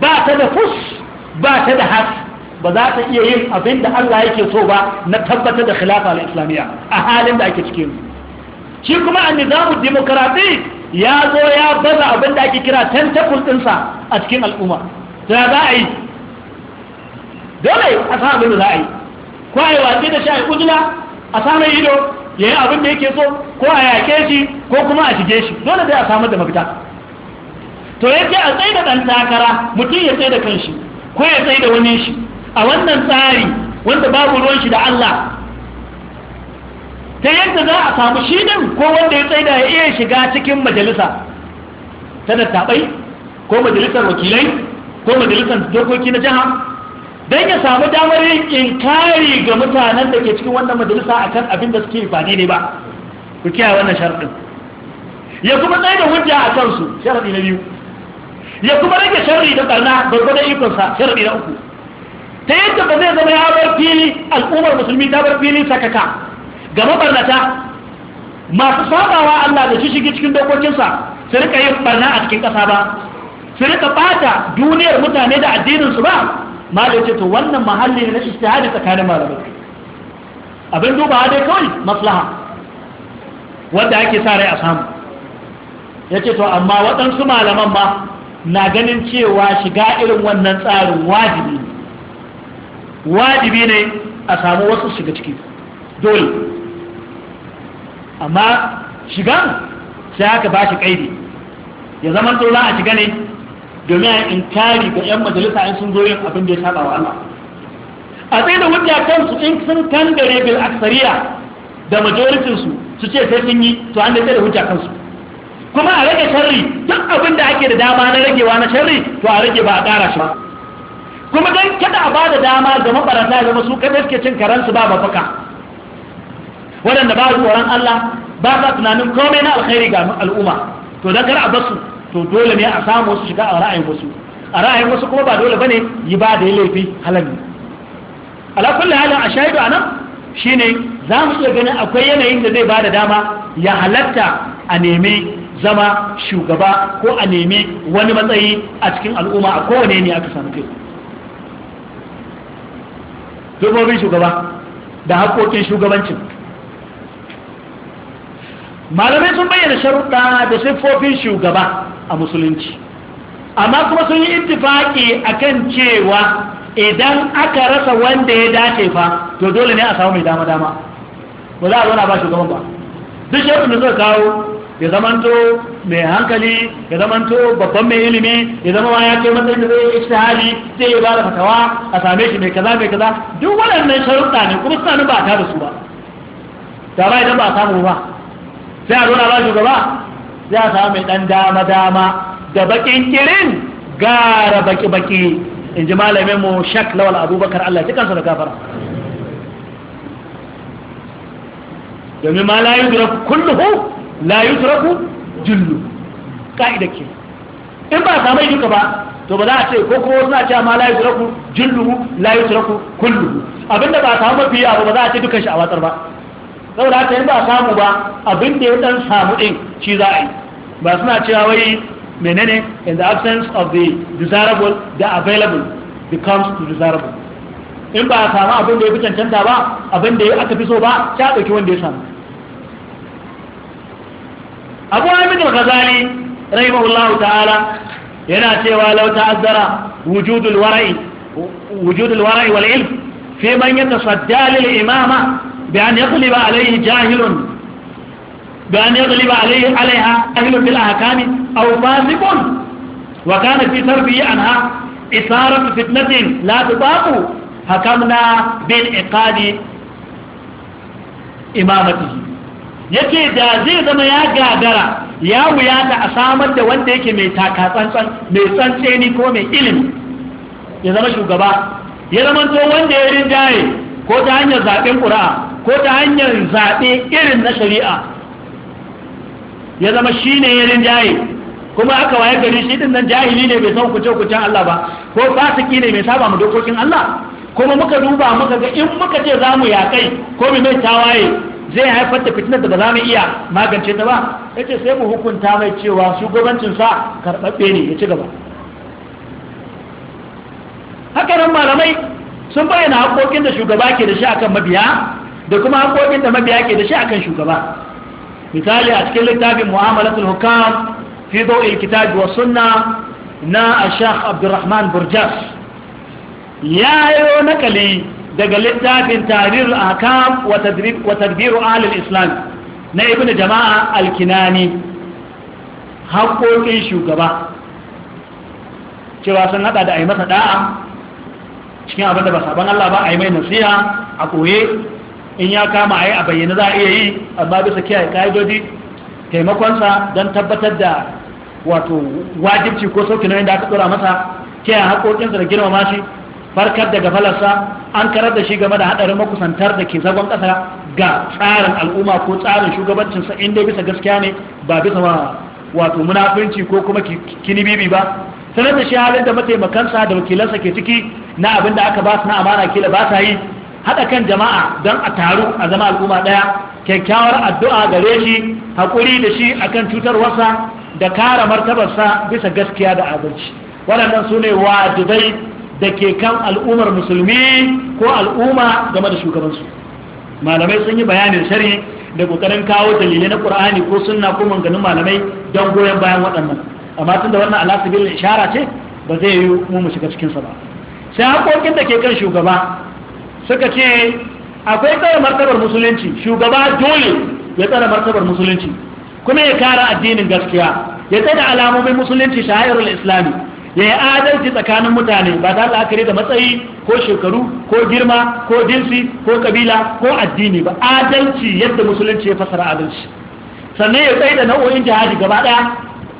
ba ta da fus ba ta da has ba za ta iya yin abin da Allah yake so ba na tabbatar da khilafa al-islamiyya a halin da ake cikin shi kuma a nizamu demokarati ya zo ya baza abin da ake kira tentakul ɗinsa a cikin al'umma ta za a yi dole a sa abin da za a yi ko a yi watsi da shi a yi kujina a samun ido ya yi abin da yake so ko a yake shi ko kuma a shige shi dole sai a samar da mafita to ya ce a tsaye da ɗan takara mutum ya tsaye da kanshi ko ya tsaye da wani shi a wannan tsari wanda babu ruwan shi da Allah ta yadda za a samu shi din ko wanda ya da ya iya shiga cikin majalisa ta dattabai ko majalisar wakilai ko majalisar dokoki na jiha don ya samu damar yin inkari ga mutanen da ke cikin wannan majalisa a kan abin da suke fadi ne ba ku kiyaye wannan sharɗin ya kuma tsaye da hujja a kansu sharadi na biyu ya kuma rage sharri da barna gwargwadon ikonsa sharadi na uku ta yadda ba zai zama ya bar fili al'ummar musulmi ta bar fili sakaka ga mabarnata masu sabawa Allah da shishigi cikin dokokinsa su rika yin barna a cikin ƙasa ba su rika ɓata duniyar mutane da addininsu ba malai ce to wannan mahalli ne na ijtihadi tsakanin malamai abin duba dai kawai maslaha wanda ake sa rai a samu yace to amma waɗansu malaman ba na ganin cewa shiga irin wannan tsarin wajibi ne wajibi ne a samu wasu shiga ciki dole amma shigan sai aka ba shi ƙaidi ya zama za a shiga ne domin a inkari ga 'yan majalisa in sun zo abin da ya saba wa Allah a tsaye da hujja kansu in sun kangare bil aksariya da majoritin su ce sai sun yi to an da tsaye da hujja kansu kuma a rage sharri duk abin da ake da dama na ragewa na sharri to a rage ba a ƙara shi ba kuma dan kada a bada dama ga mabarata zama su kada suke cin karansu ba mafaka waɗanda ba tsoron Allah ba sa tunanin komai na alkhairi ga al'umma to dan kar a basu to dole ne a samu wasu shiga a ra'ayin wasu a ra'ayin wasu kuma ba dole bane yi ba da ya laifi halal ne ala kulli halin a shaidu anan shine za mu iya ganin akwai yanayin da zai ba da dama ya halatta a nemi zama shugaba ko a nemi wani matsayi a cikin al'umma a kowane ne aka samu kai dokokin shugaba da haƙoƙin shugabancin malamai sun bayyana sharuɗa da siffofin shugaba a musulunci amma kuma sun yi intifaki kan cewa idan aka rasa wanda ya dace fa to dole ne a samu mai dama dama ba za a zauna ba shugaban ba duk sharuɗa da suka kawo ya zamanto mai hankali ya zamanto babban mai ilimi ya zama ma ya kai matsayin da zai ishtihari zai yi bada fatawa a same shi mai kaza mai kaza duk waɗannan sharuɗa ne kuma suna nan ba ta da su ba da ba idan ba a samu ba sai a nuna ba shugaba sai a samu mai dan dama dama da bakin kirin gara baki baki in ji malamin mu shak lawal abubakar Allah ya kansa da gafara domin ma la yudraku kulluhu la yudraku jullu ka'ida ke in ba samu duka ba to ba za a ce ko ko suna cewa ma la yudraku jullu la yudraku kulluhu abinda ba samu mafi abu ba za a ce dukan shi a watsar ba saboda haka in ba samu ba abin da ya dan samu din shi za a yi ba suna cewa wai menene in the absence of the desirable the available becomes to desirable in ba a samu abin da ya fi cancanta ba abin da aka fi so ba ta ɗauki wanda ya samu abu hamid al-ghazali rahimahullahu ta'ala yana cewa law ta'azzara wujudul wara'i wujudul wara'i wal ilm fi man yatasadda lil imama بأن يغلب عليه جاهل بأن يغلب عليه عليها أهل بالأحكام أو فاسق وكان في تربية عنها إثارة فتنة لا تطاق حكمنا بالإقاد إمامته yake da zai zama ya gagara ya wuyata a samar da wanda yake mai takatsantsan mai tsantseni ko mai ilimi ya zama shugaba ya zama to wanda ya rinjaye ko ta hanyar zaɓen ƙura'a ko ta hanyar zaɓe irin na shari'a ya zama shi ne yanin jaye kuma aka waye gari shi din nan jahili ne bai san kuce-kucen Allah ba ko fasiki ne mai saba mu dokokin Allah kuma muka duba muka ga in muka ce za mu yaƙai ko mu mai tawaye zai haifar da fitinar da ba za mu iya magance ta ba ya sai mu hukunta mai cewa sa karɓaɓɓe ne ya ci gaba haka nan malamai sun bayyana haƙoƙin da shugaba ke da shi akan mabiya da kuma haƙoƙin da mabiya ke da shi akan shugaba misali a cikin littafin mu'amalatul hukam fi dawil kitab wa sunna na ashakh abdurrahman burjas ya yo nakali daga littafin tarir ahkam wa tadrib wa tadbir ahli al-islam na ibn jama'a al-kinani haƙoƙin shugaba cewa sun hada da a yi masa da'a cikin abin da ba saban Allah ba a yi mai nasiha a koye in ya kama a yi a bayyana za a iya yi amma bisa kiyaye ka'idodi taimakonsa don tabbatar da wato wajibci ko sauki na da aka tsora masa kiyaye haƙoƙinsa da girmama shi farkar daga falarsa an karar da shi game da haɗarin makusantar da ke zagon ƙasa ga tsarin al'umma ko tsarin shugabancinsa in dai bisa gaskiya ne ba bisa ma wato munafunci ko kuma bibi ba sanar da shi halin da mataimakansa da wakilansa ke ciki na abin da aka ba su na amana kila ba sa yi haɗa kan jama'a don a taru a zama al'umma ɗaya kyakkyawar addu'a gare shi haƙuri da shi a akan wasa, da kara martabarsa bisa gaskiya da adalci waɗannan su ne wajibai da ke kan al'ummar musulmi ko al'umma game da shugabansu malamai sun yi bayanin shari da ƙoƙarin kawo dalilai na ƙur'ani ko sunna ko manganin malamai don goyon bayan waɗannan amma tun da wannan alasibil ishara ce ba zai yi mu mu shiga cikinsa ba sai haƙoƙin da ke kan shugaba suka ce akwai tsara martabar musulunci shugaba dole ya tsara martabar musulunci kuma ya kara addinin gaskiya ya tsada alamomin musulunci shahararwar islami ya yi adalci tsakanin mutane ba ta la'akari da matsayi ko shekaru ko girma ko jinsi ko kabila ko addini ba adalci yadda musulunci ya fasara adalci sannan ya tsaye da nau'o'in jihadi gaba ɗaya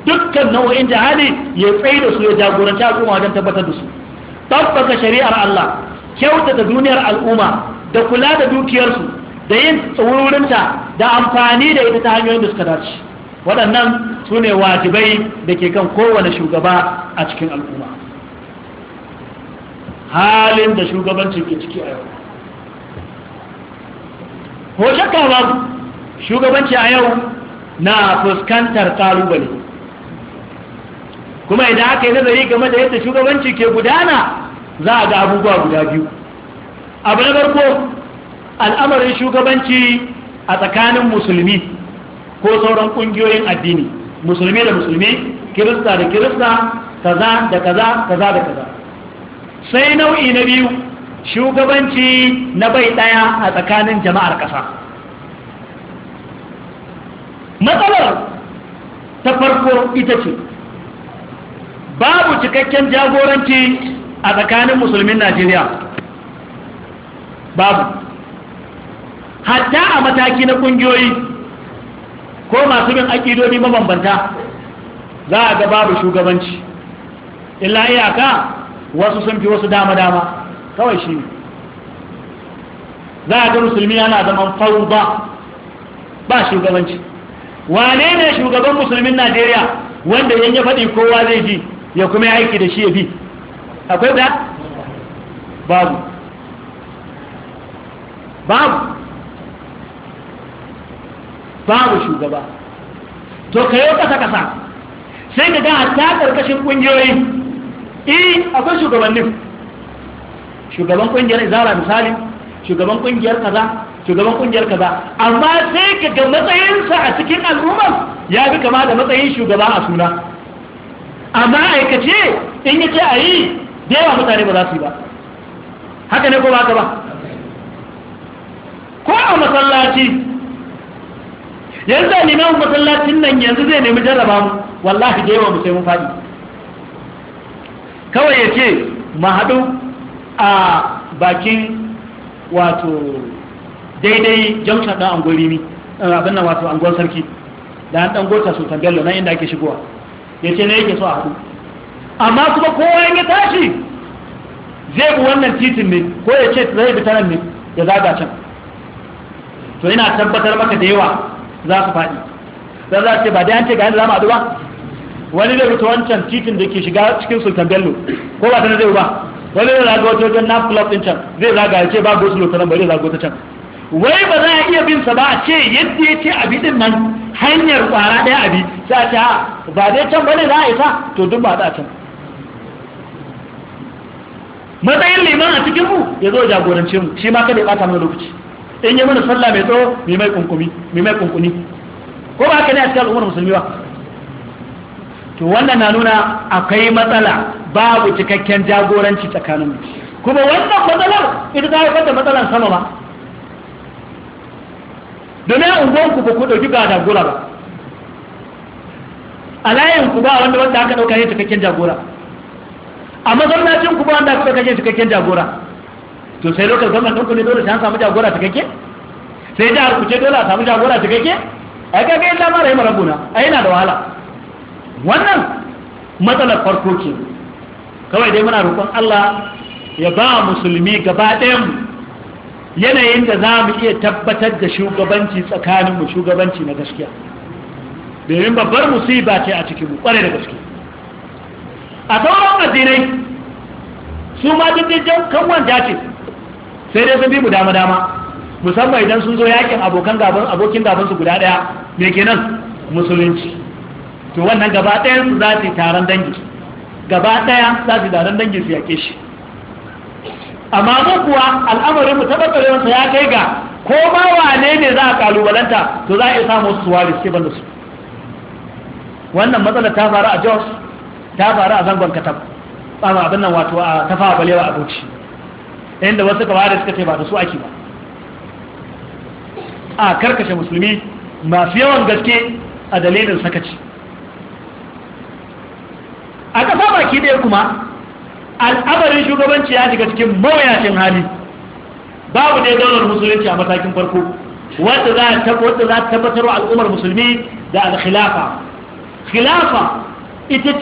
dukkan nau'o'in jihadi ya tsaye da su ya jagoranci al'umma wajen tabbatar da su tabbata shari'ar Allah kyautata duniyar al'umma da kula da dukiyarsu da yin tsawurinta da amfani da ita ta hanyoyin da suka dace waɗannan su ne wajibai da ke kan kowane shugaba a cikin al'umma halin da shugabancin ke ciki a yau ko shakka ba shugabanci a yau na fuskantar ƙalubale kuma idan aka yi nazari game da yadda shugabanci ke gudana za a ga abubuwa guda biyu abu na farko al'amarin shugabanci a tsakanin musulmi ko sauran ƙungiyoyin addini musulmi da musulmi kirista da kirista kaza da kaza kaza da kaza sai nau'i na biyu shugabanci na bai ɗaya a tsakanin jama'ar ƙasa matsalar ta farko ita ce babu cikakken jagoranci a tsakanin musulmin najeriya babu hatta a mataki na kungiyoyi ko masu bin akidomi mabambanta za a ga babu shugabanci illa iyaka wasu sun fi wasu dama-dama kawai shi za a ga musulmi yana zaman faru ba ba shugabanci wane ne shugaban musulmin najeriya wanda yan ya faɗi kowa zai ji ya kuma aiki da shi ya bi akwai guda babu babu babu shugaba to ka yi wata kasa sai ka ga ta karkashin kungiyoyi eh akwai shugabannin shugaban kungiyar izara misali shugaban kungiyar kaza shugaban kungiyar kaza amma sai ka ga matsayinsa a cikin al'ummar ya fi kama da matsayin shugaba a suna amma aikace in yace a yi da yawa mutane ba za su yi ba haka ne ko ba ka ba ko a masallaci yanzu a neman masallacin nan yanzu zai nemi jarraba mu wallahi da yawa mu sai mun faɗi kawai ya ce mahadu a bakin wato daidai junction ɗan angon rimi eh, abin nan wato angon sarki da an ɗan gota sultan bello nan inda ake shigowa ya ce na yake so a haɗu amma kuma kowa ya tashi zai bi wannan titin ne ko ya ce zai bi tanan ne ya zaga can to ina tabbatar maka da yawa za su faɗi dan za ce ba dai an ce ga yadda za mu haɗu ba wani zai rubuta wancan titin da ke shiga cikin sultan bello ko ba tana zai ba wani zai zaga wata wajen na club din can zai zaga ya ce ba gosu ta ba zai zaga wata can wai ba za a iya bin sa ba a ce yadda ya ce abi din nan hanyar kwara ɗaya abi sai a ce ba dai can ba ne za a isa to duk ba a can matsayin liman a cikin mu ya zo jagorance mu shi ma kada ya bata mana lokaci in yi mana sallah mai tsawo mai mai kunkumi mai mai kunkuni ko ba ka ne a cikin al'ummar musulmi ba to wannan na nuna akwai matsala babu cikakken jagoranci tsakanin mu kuma wannan matsalar ita ta haifar da matsalar sama ba domin a ku ba ku ɗauki ba gura ba a layin ku ba wanda wanda aka ɗauka ne cikakken jagora a mazaunacin ku ba wanda kuka kake cikakken jagora to sai lokal gwamnati ɗinku ne dole sai an samu jagora cikakke sai jihar ku ce dole a samu jagora cikakke ai kaga yin lamara yi marabuna ai yana da wahala wannan matsalar farko ce kawai dai muna roƙon Allah ya ba musulmi gaba ɗayan yanayin da za mu iya tabbatar da shugabanci tsakanin mu shugabanci na gaskiya domin babbar musiba ce a cikinmu ƙware da gaskiya a sauran addinai su ma duk kan wanda ce sai dai sun bi mu dama dama musamman idan sun zo yakin abokan gaban abokin gaban su guda daya me kenan musulunci to wannan gaba daya su za su taron dangi gaba ɗaya za su taron dangi su yake shi amma mu kuwa al'amarin mu tabbatar sa ya kai ga ko ma wane ne za a kalubalanta to za a iya samu su wari sai banda su wannan matsala ta faru a Jos ta faru a zangon katab ba abin nan wato a tafa balewa abuci inda wasu ka da suka ce ba da su ake ba a karkashe musulmi masu yawan gaske a dalilin sakaci a ƙasa baki ɗaya kuma al'amarin shugabanci ya shiga cikin mawuyacin hali babu ne daular musulunci a matakin farko wadda za ta tabbatar wa al'ummar musulmi da al-khilafa khilafa ita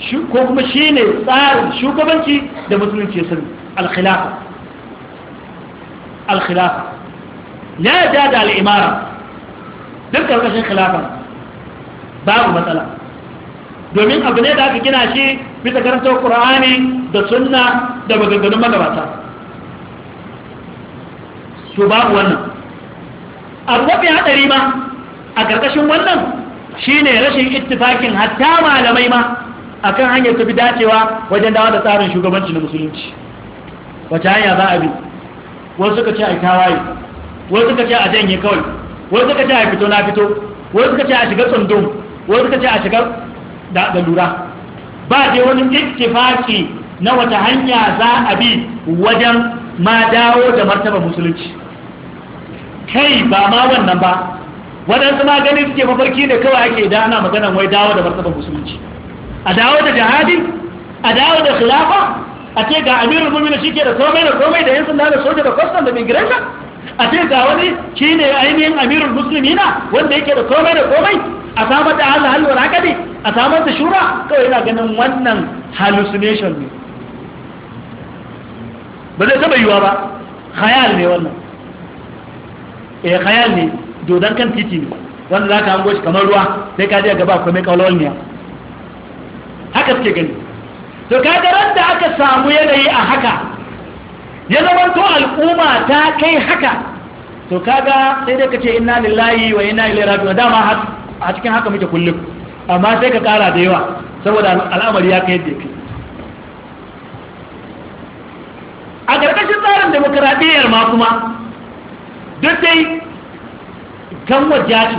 ce ko kuma shi ne tsarin shugabanci da musulunci sun alkhilafa alkhilafa ya yadda da al'imara duk karkashin khilafa babu matsala domin abu ne da aka gina shi bisa karantar ƙura'ani da sunna da maganganun magabata Su babu wannan abu mafi haɗari ma a karkashin wannan shine rashin ittifakin hatta malamai ma akan hanyar tafi dacewa wajen dawo da tsarin shugabanci na musulunci wata hanya za a bi wasu suka ce a tawaye wasu suka ce a janye kawai wasu suka ce a fito na fito wasu suka ce a shiga tsundum wasu suka ce a shiga da lura ba dai wani ittifaki na wata hanya za a bi wajen ma dawo da martaba musulunci kai ba ma wannan ba waɗansu ma gani suke mafarki ne kawai ake da ana magana wai dawo da martaban musulunci a dawo da jihadi a dawo da khilafa a ce ga amirul mu'minin shike da komai da komai da yansu da soja da kwastan da migration a ce ga wani shine ainihin amirul musulmina wanda yake da komai da komai a samar da Allah halwar akadi a samar da shura kawai yana ganin wannan hallucination ne ba zai taba yiwa ba khayal ne wannan eh khayal ne dodon kan titi ne wanda za ka hango shi kamar ruwa sai ka je gaba mai kuma niya haka suke gani to ga ran da aka samu yanayi a haka ya zama to al'umma ta kai haka to kaga sai dai ka ce inna lillahi wa inna ilaihi raji'un dama a cikin haka muke kullum amma sai ka kara da yawa saboda al'amari ya kai yadda yake a ƙarƙashin tsarin demokuraɗiyyar ma kuma duk dai Kan jari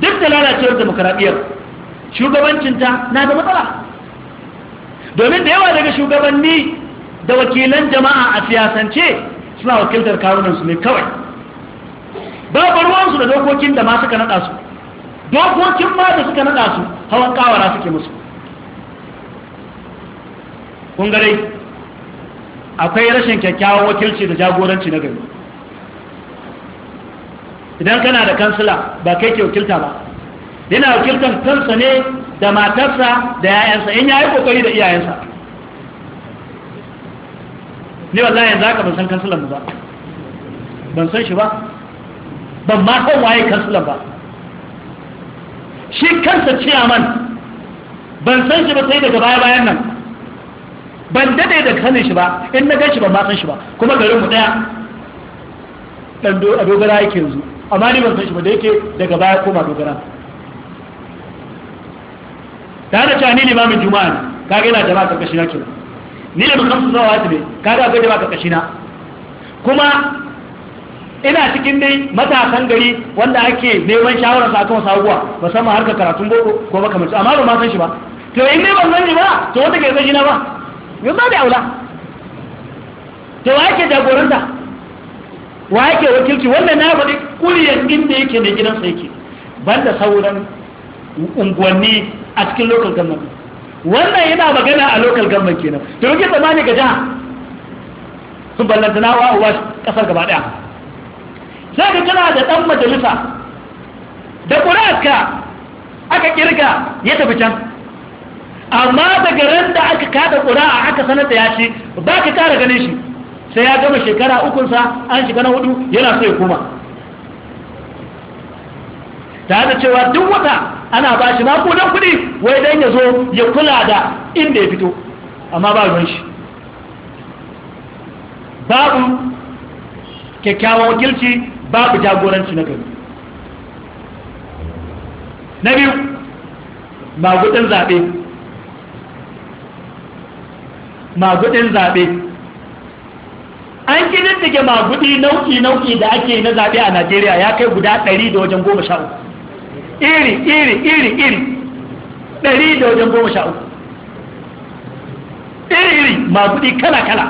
duk da lalacewar demokaradiyyar shugabancinta na da matsala domin da yawa daga shugabanni da wakilan jama'a a siyasance suna wakiltar kawunansu ne kawai babu ruwansu da dokokin da ma suka naɗa su dokokin ma da suka naɗa su hawan kawara suke musu kungarai akwai rashin kyakkyawan wakilci da jagoranci na gari idan kana da kansila ba kai ke wakilta ba yana wakiltar kansa ne da matarsa da yayansa in yayi kokari da iyayensa ni wallahi yanzu haka ban san kansilan ba ban san shi ba ban ma san waye kansilan ba shi kansa ciyaman ban san shi ba sai daga baya bayan nan ban dade da sanin shi ba in na gan shi ban ma san shi ba kuma garin mu daya dan a dogara yake yanzu amma ni ban san shi ba da yake daga baya koma dogara tare da ni limamin juma'a kaga yana jama'a karkashin na kenan ni da musamman zawa ne kaga ga jama'a karkashin na kuma ina cikin dai matasan gari wanda ake neman shawara sa kan sabuwa musamman harkar karatun boko ko makamanci amma ba ma san shi ba to in ne ban san shi ba to wata ke san shi na ba yanzu da aula to wa yake jagoranta wa yake wakilci wannan na faɗi kuriyan inda yake ne gidansa yake da sauran unguwanni a cikin local government wannan yana magana a local government kenan to yake ne ga jiha sun ballanta na wa'uwa kasar gaba ɗaya sai ka tana da ɗan majalisa da ƙuri'arka aka kirga ya tafi can amma daga ran da aka kada ƙura'a aka sanar da yashi ba ka ƙara ganin shi sai ya gama shekara ukunsa an shiga na hudu yana so ya koma ta da cewa duk wata ana ba shi makonan kuɗi wai don ya zo ya kula da inda ya fito amma ba ruwan shi babu kyakkyawan wakilci babu jagoranci na gari na biyu magudin zaɓe magudin zaɓe an kididdige maguɗi nau'i nau'i da ake na zaɓe a najeriya ya kai guda ɗari da wajen goma sha uku iri iri iri iri ɗari da wajen goma sha uku iri iri maguɗi kala kala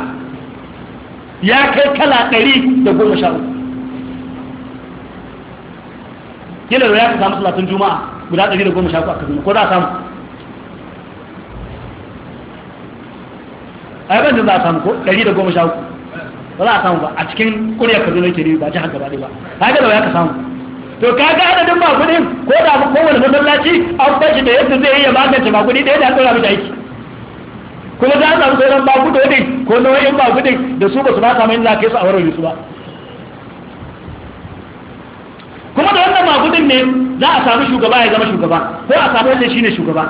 ya kai kala ɗari da goma sha uku yana da ya fi samu sulatun juma'a guda ɗari da goma sha uku a kaduna ko za a samu a yaban da za a samu ko ɗari da goma sha uku ba za a samu ba a cikin ƙuryar kaduna yake ne ba ci gaba ɗaya ba kaga da ya ka samu to kaga adadin makudin ko da abu kowane masallaci an bashi da yadda zai iya magance makudi ɗaya da an tsora mishi aiki kuma za a samu sauran makudodin ko nau'in makudin da su ba su ba samu yin za su a warware su ba kuma da wannan magudin ne za a samu shugaba ya zama shugaba ko a samu wanda shine shugaba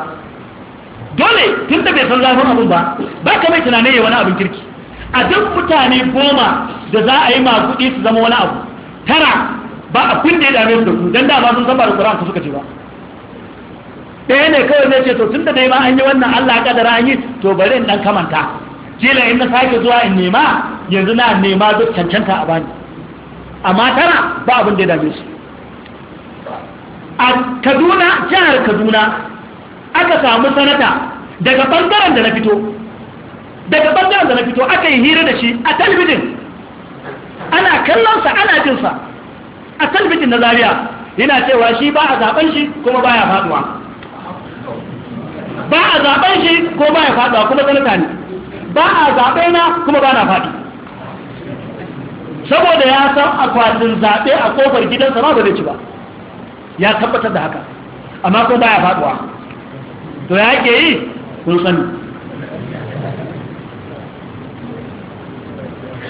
dole tun da bai san zafin abun ba ba ka mai tunanin ya wani abin kirki a duk mutane goma da za a yi ma kuɗi su zama wani abu tara ba a kunne da ya dame su da su don da ba sun san ba da Qur'an su suka ce ba ɗaya ne kawai zai ce to tun da dai ma an yi wannan Allah ya kadara an yi to bari in ɗan kamanta jila in na sake zuwa in nema yanzu na nema duk cancanta a bani amma tara ba abin da ya dame su a kaduna jihar kaduna aka samu sanata daga ɓangaren da na fito daga bangaren da na fito aka yi hira da shi a talibijin ana kallonsa ana jinsa a talibijin na zariya yana cewa shi ba a zaɓen shi kuma ba ya faɗuwa. ba a zaɓen shi ko ba ya faɗuwa. kuma sanata ne ba a zaɓe na kuma ba na faɗi saboda ya san akwatin zaɓe a kofar gidansa ba zai ci ba ya tabbatar da haka amma kuma ba ya faɗuwa to ya ke yi kun sani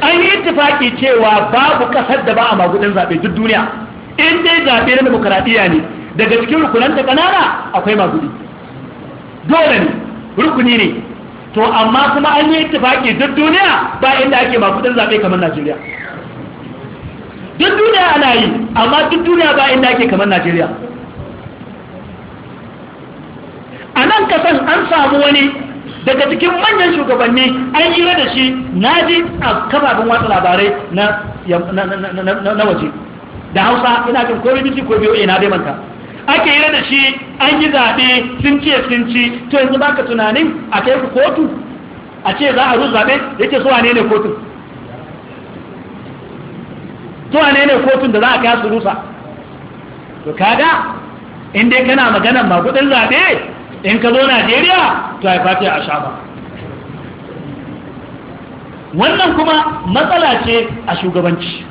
an yi tufaƙi cewa babu kasar da ba a magudin zaɓe duk duniya in dai zaɓe na demokaradiyya ne daga cikin rukunanta ƙanana akwai magudi dole ne rukuni ne to amma kuma an yi tufaƙi duk duniya ba inda ake magudin zaɓe kamar najeriya duk duniya ana yi amma duk duniya ba inda ake kamar najeriya a nan kasan an samu wani daga cikin manyan shugabanni an yi da shi na ji a kafafen watsa labarai na waje da hausa ina jin ko bbc ko biyo na dai manta ake yi da shi an yi zaɓe sun ce sun ci to yanzu baka tunanin a kai ku kotu a ce za a zo zaɓe yake zuwa ne ne kotun zuwa ne ne kotun da za a kai su rusa to kaga in dai kana maganar magudin zaɓe in ka zo najeriya to a yi a sha ba wannan kuma matsala ce a shugabanci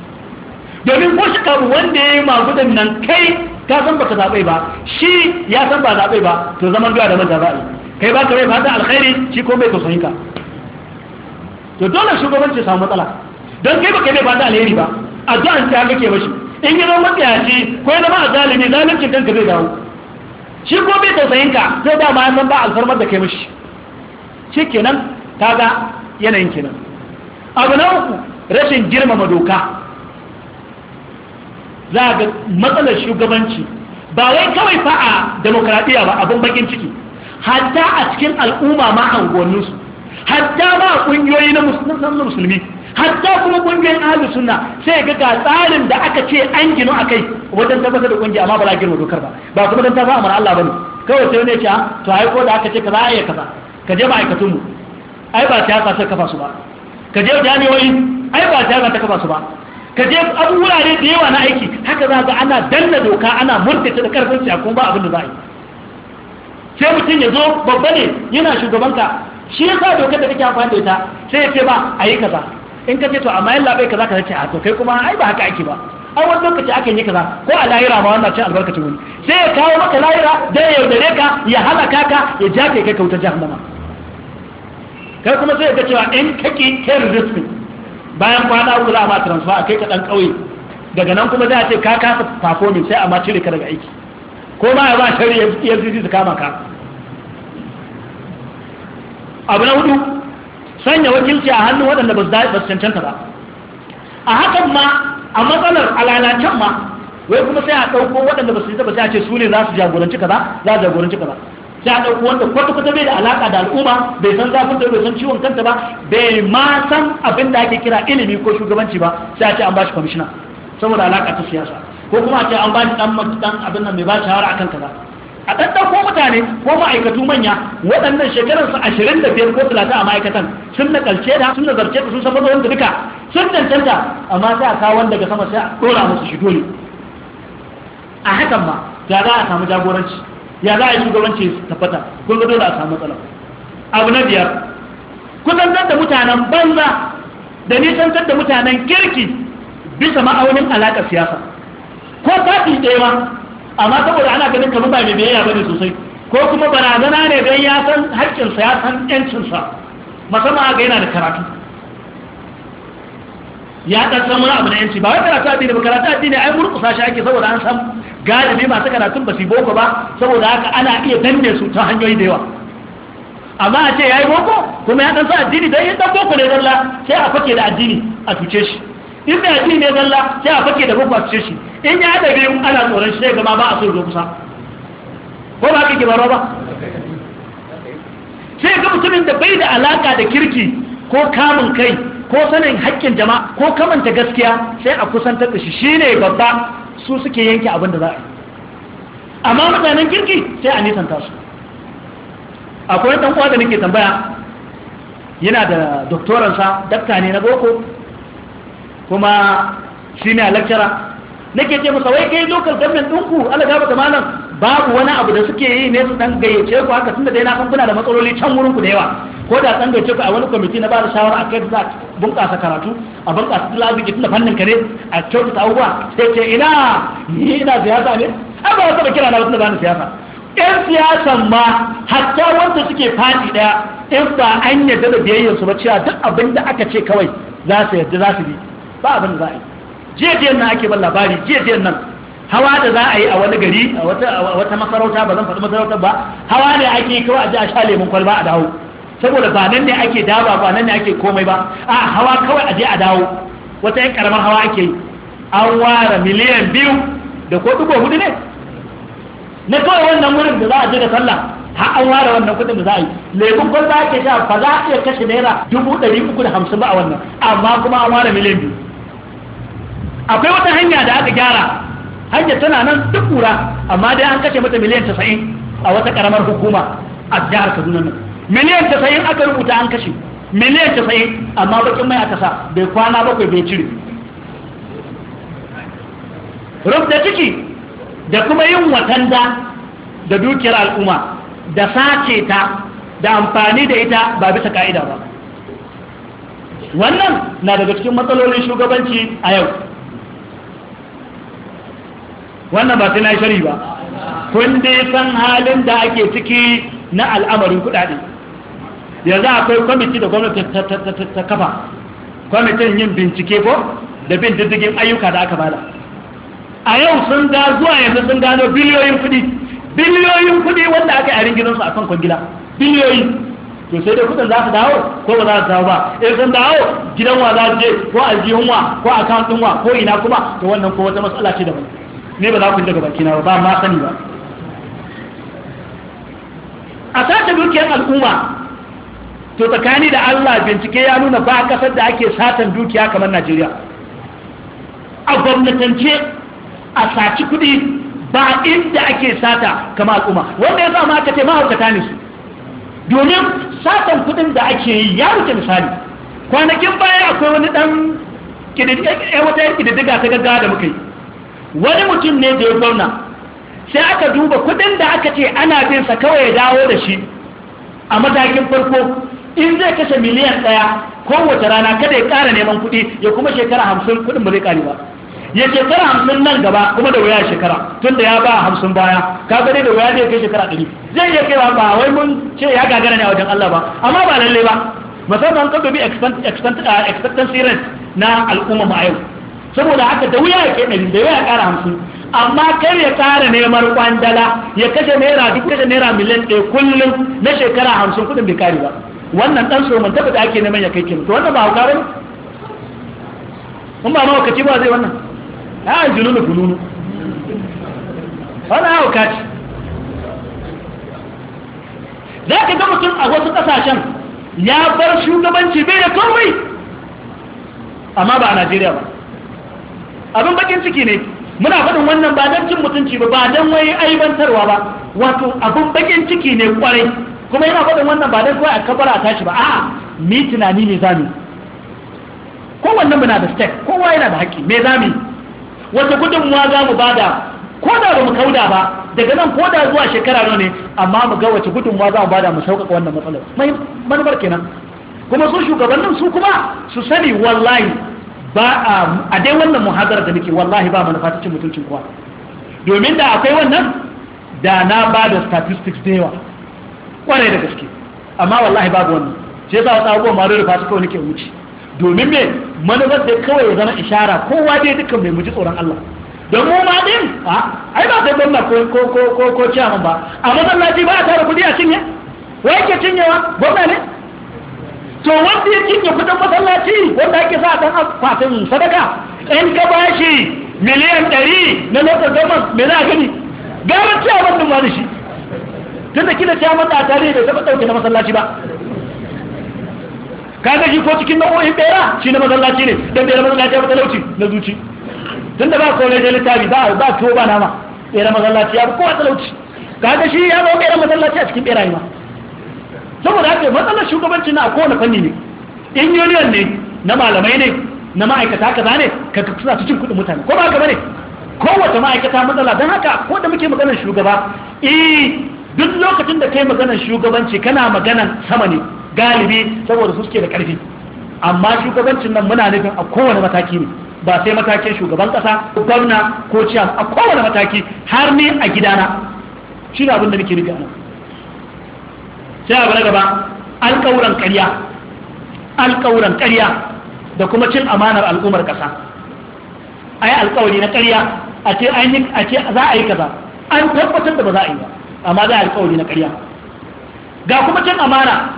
domin ko shi karu wanda ya yi magudan nan kai ka san baka zaɓe ba shi ya san ba zaɓe ba to zaman biya da manta za kai ba ka rai fata alkhairi shi ko bai kusurin ka to dole shugabanci samu matsala don kai baka rai fata alheri ba addu'an ta kake mashi in yi zama matsayaci ko ya zama a zalimi zalimcin kanka zai dawo shi ko bai tausayin ka sai da ma san ba alfarmar da kai mishi shi kenan kaga yanayin kenan abu na uku rashin girmama doka za ga matsalar shugabanci ba wai kawai fa a demokradiyya ba abin bakin ciki hatta a cikin al'umma ma anguwanninsu hatta ma ƙungiyoyi na musulmi hatta kuma kungiyar ahlu sunna sai ga ga tsarin da aka ce an gino akai wajen tabbatar da kungiya amma ba za girma dokar ba ba kuma dan ta amara Allah bane kawai sai ne ce ah, to ai ko da aka ce kaza ai kaza ka je ma'aikatun mu ai ba ta yasa ta kafa su ba ka je jami'o'i ai ba ta yasa ta kafa su ba ka je wurare da yawa na aiki haka za ga ana danna doka ana murtace da karfin siya kuma ba abin da za a yi sai mutum ya zo babba ne yana shugabanka shi yasa dokar da kake amfani da ita sai ya ce ba a yi kaza in ka ce to amma yalla bai kaza ka ce a ah, to kai kuma ai ba haka ake ba a wani lokaci ake yi kaza ko a lahira ma wannan cin albarkacin wani sai ya kawo maka lahira da ya yaudare ka ya halaka ka ya ja ka kai kauta jahannama kai kuma sai ya ga cewa in kake kyan rizki bayan kwana uku za a ma transfer a kai ka dan kauye daga nan kuma za a ce ka kasa ne sai a ma cire ka daga aiki ko ma ya ba shari'a yanzu su kama ka abu na hudu sanya wakilci a hannun waɗanda ba su cancanta ba a hakan ma a matsalar alalacen ma wai kuma sai a ɗauko waɗanda ba su yi ba sai a ce su ne za su jagoranci kaza za su jagoranci ka ba sai a ɗauko wanda kwata-kwata bai da alaƙa da al'umma bai san zafin da bai san ciwon kanta ba bai ma san abin da ake kira ilimi ko shugabanci ba sai a ce an bashi kwamishina saboda alaƙa ta siyasa ko kuma a ce an bashi ɗan abin nan mai ba shawara akan kaza a ɗaɗɗauko mutane ko ma'aikatu manya waɗannan shekarar su ashirin da biyar ko talatin a ma'aikatan sun na ƙarshe da sun na zarce da sun san wanda duka sun cancanta amma sai a kawo daga sama sai a ɗora musu shi dole a hakan ma ya za a samu jagoranci ya za a yi shugabanci ya tabbata kun ga dole a samu matsala abu na biyar Ku kusantar da mutanen banza da nisantar da mutanen kirki bisa ma'aunin alaƙar siyasa ko tafi ɗaya ma amma saboda ana ganin kamar ba mai biyayya bane sosai ko kuma barazana ne don ya san haƙƙinsa ya san ƴancinsa musamman ga yana da karatu ya ɗan san wani abu na ƴanci ba wai karatu addini ba karatu addini ai murƙusa shi ake saboda an san galibi masu karatun ba su boko ba saboda haka ana iya danne su ta hanyoyi da yawa amma a ce ya yi boko kuma ya ɗan ɗansa addini don yin ɗan boko ne zalla sai a fake da addini a cuce shi in da addini ne zalla sai a fake da boko a cuce shi in ya da ana tsoron shi gama ba a so zo kusa ko ba ka baro ba sai ga mutumin da bai da alaka da kirki ko kamun kai ko sanin haƙƙin jama'a ko kamanta gaskiya sai a kusan ta shi shine babba su suke yanke abin da za a amma mutanen kirki sai a nisan su akwai ɗan uwa da nake tambaya yana da doktoransa dakta ne na boko kuma shi ne a lakcara nake ce masa wai kai local government ɗinku Allah ga baka malam babu wani abu da suke yi ne su dan gayyace ku haka tunda dai na san kuna da matsaloli can wurin ku da yawa ko da san gayyace ku a wani kwamiti na ba da shawara a kai bunƙasa karatu a bunƙasa tilabiki tunda fannin kare a ta uwa sai ce ina ni ina siyasa ne ai ba wata da kira na wata da ni siyasa yan siyasan ma hatta wanda suke fadi daya in ba an yarda da su ba cewa duk abin da aka ce kawai za su yarda za su bi ba abin da za a yi jejiyar nan ake ban labari jejiyar nan hawa da za a yi a wani gari a wata masarauta ba zan faɗi masarauta ba hawa ne ake yi kawai a ji a sha lemun kwalba a dawo saboda ba nan ne ake daba ba nan ne ake komai ba a hawa kawai a je a dawo wata yan karamar hawa ake yi an ware miliyan biyu da ko dubo hudu ne na kawai wannan wurin da za a je da sallah ha an ware wannan kudin da za a yi lemun kwalba ake sha ba za a iya kashe naira dubu ɗari uku da hamsin ba a wannan amma kuma an ware miliyan biyu akwai wata hanya da aka gyara hanya tana nan duk kura amma dai an kashe mata miliyan 90 a wata karamar hukuma a jihar Kaduna nan miliyan 90 aka rubuta an kashe miliyan 90 amma bakin mai aka sa bai kwana bakwai bai cire da ciki da kuma yin watanda da dukiyar al'umma da sace ta da amfani da ita ba bisa ka'ida ba wannan na daga cikin matsalolin shugabanci a yau wannan ba sai na shari ba kun dai san halin da ake ciki na al'amarin kuɗaɗe yanzu akwai kwamiti da gwamnati ta kafa kwamitin yin bincike ko da bin diddigin ayyuka da aka bada a yau sun da zuwa yanzu sun gano biliyoyin kuɗi biliyoyin kuɗi wanda aka yi a su a kan kwangila biliyoyin to sai dai kudin za su dawo ko ba za su dawo ba in eh, sun dawo gidan wa za su je ko aljihun wa ko akantun wa ko ina kuma to wannan ko wata matsala ce daban ne ba za ku daga bakina ba ba ma sani ba a sace dukiyar al'umma to tsakani da Allah bincike ya nuna ba kasar da ake satan dukiya kamar Najeriya a gwamnatance a saci kudi ba inda ake sata kamar al'umma wanda ya zama aka ce mahaukata ne su domin satan kudin da ake yi ya wuce misali kwanakin baya akwai wani dan kididdiga ta gaggawa da muka yi wani mutum ne da ya gwamna sai aka duba kudin da aka ce ana bin sa kawai ya dawo da shi a matakin farko in zai kashe miliyan ɗaya kowace rana kada ya kara neman kuɗi ya kuma shekara hamsin kuɗin ba zai kare ba ya shekara hamsin nan gaba kuma da wuya shekara tun da ya ba hamsin baya ka gani da wuya zai kai shekara ɗari zai iya kaiwa ba wai mun ce ya gagara ne a wajen Allah ba amma ba lalle ba musamman kan dubi expectancy rate na al'umma ma yau saboda haka da wuya ya kai ɗari da wuya kara hamsin amma kar ya ƙara neman kwandala ya kashe naira duk kashe naira miliyan ɗaya kullum na shekara hamsin kudin bai kare ba wannan dan so mun da ake neman ya kai kin to wannan ba hauka bane mun ba mawakaci ba zai wannan a jununu gununu wannan hauka ce za ka ga mutum a wasu kasashen ya bar shugabanci bai da komai amma ba a najeriya ba abin bakin ciki ne muna faɗin wannan ba don cin mutunci ba ba don wai aibantarwa ba wato abin bakin ciki ne kwarai kuma yana faɗin wannan ba don kawai a kabara a tashi ba a'a mi tunani ne Ko wannan muna da step kowa yana da haƙƙi me zami wata gudunmuwa za mu bada ko da ba mu kauda ba daga nan ko da zuwa shekara ne amma mu ga wace gudunmuwa za mu bada mu sauƙaƙa wannan matsalar manufar kenan kuma su shugabannin su kuma su sani wallahi ba a dai wannan muhadarar da muke wallahi ba manufa ta cin mutuncin kowa domin da akwai wannan da na ba da statistics da yawa kwarai da gaske amma wallahi babu wannan shi yasa wata abubuwan ma rufe su kawai nake wuce domin me manufar da kawai ya zama ishara kowa dai dukkan mai muji tsoron Allah don mu ma din a ai ba sai gwamna ko ko ko ko ko ba a masallaci ba a tara kudi a cinye wai ke cinyewa gwamna ne to wanda ya cinye kudin masallaci wanda ake sa dan akwatin sadaka in ka bashi miliyan ɗari na lokacin gaman me za a gani gara a din wani shi tun da kila ciyaman da tare da taɓa ɗauke na masallaci ba ka ga shi ko cikin nau'o'in ɓera shi na masallaci ne don ɓera masallaci a fi talauci na zuci tun da ba kone da littafi ba ba tuwo ba nama ɓera masallaci ya ko a talauci ka ga shi ya zo ɓera masallaci a cikin ɓera ma saboda haka matsalar shugabanci na kowane fanni ne in union ne na malamai ne na ma'aikata kaza ne ka kusa su cin kuɗin mutane ko ba ka bane kowace ma'aikata matsala don haka ko da muke maganar shugaba e, duk lokacin da kai maganar shugabanci kana maganar sama ne galibi saboda su suke da karfi amma shugabancin nan muna nufin a kowane mataki ne ba sai matakin shugaban ƙasa gwamna ko ciyar a kowane mataki har ni a gidana shi ne abin da muke nufi a nan sai abu na gaba alƙawuran ƙarya alƙawuran ƙarya da kuma cin amanar al'ummar ƙasa ai alƙawari na ƙarya a ce a ce za a yi kaza an tabbatar da ba za a yi ba amma za a alƙawari na ƙarya ga kuma cin amana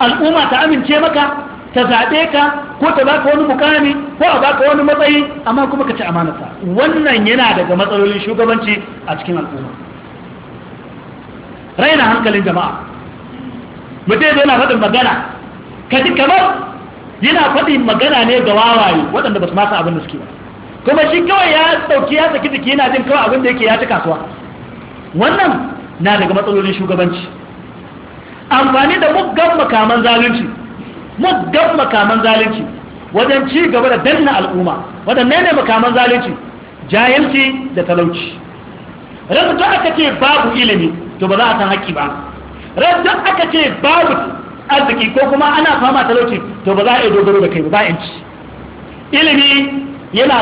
al'umma ta amince maka ta zaɓe ka ko ta baka wani mukami ko a baka wani matsayi amma kuma ka ci amanarsa wannan yana daga matsalolin shugabanci a cikin al'umma raina hankalin jama'a mutum yana faɗin magana ka kamar yana faɗin magana ne ga wawaye waɗanda ba su masa abin da suke ba kuma shi kawai ya ɗauki ya saki jiki yana jin kawai abin da yake ya ci kasuwa wannan na daga matsalolin shugabanci amfani da muggan makaman zalunci muggan makaman zalunci wajen ci gaba da danna al'umma waɗannan ne makaman zalunci jahilci da talauci rasa to aka ce babu ilimi to ba za a san haƙƙi ba rantar aka ce babu arziki ko kuma ana fama talauci to ba za a yi dogaro da kai ba ba ci. ilimi yana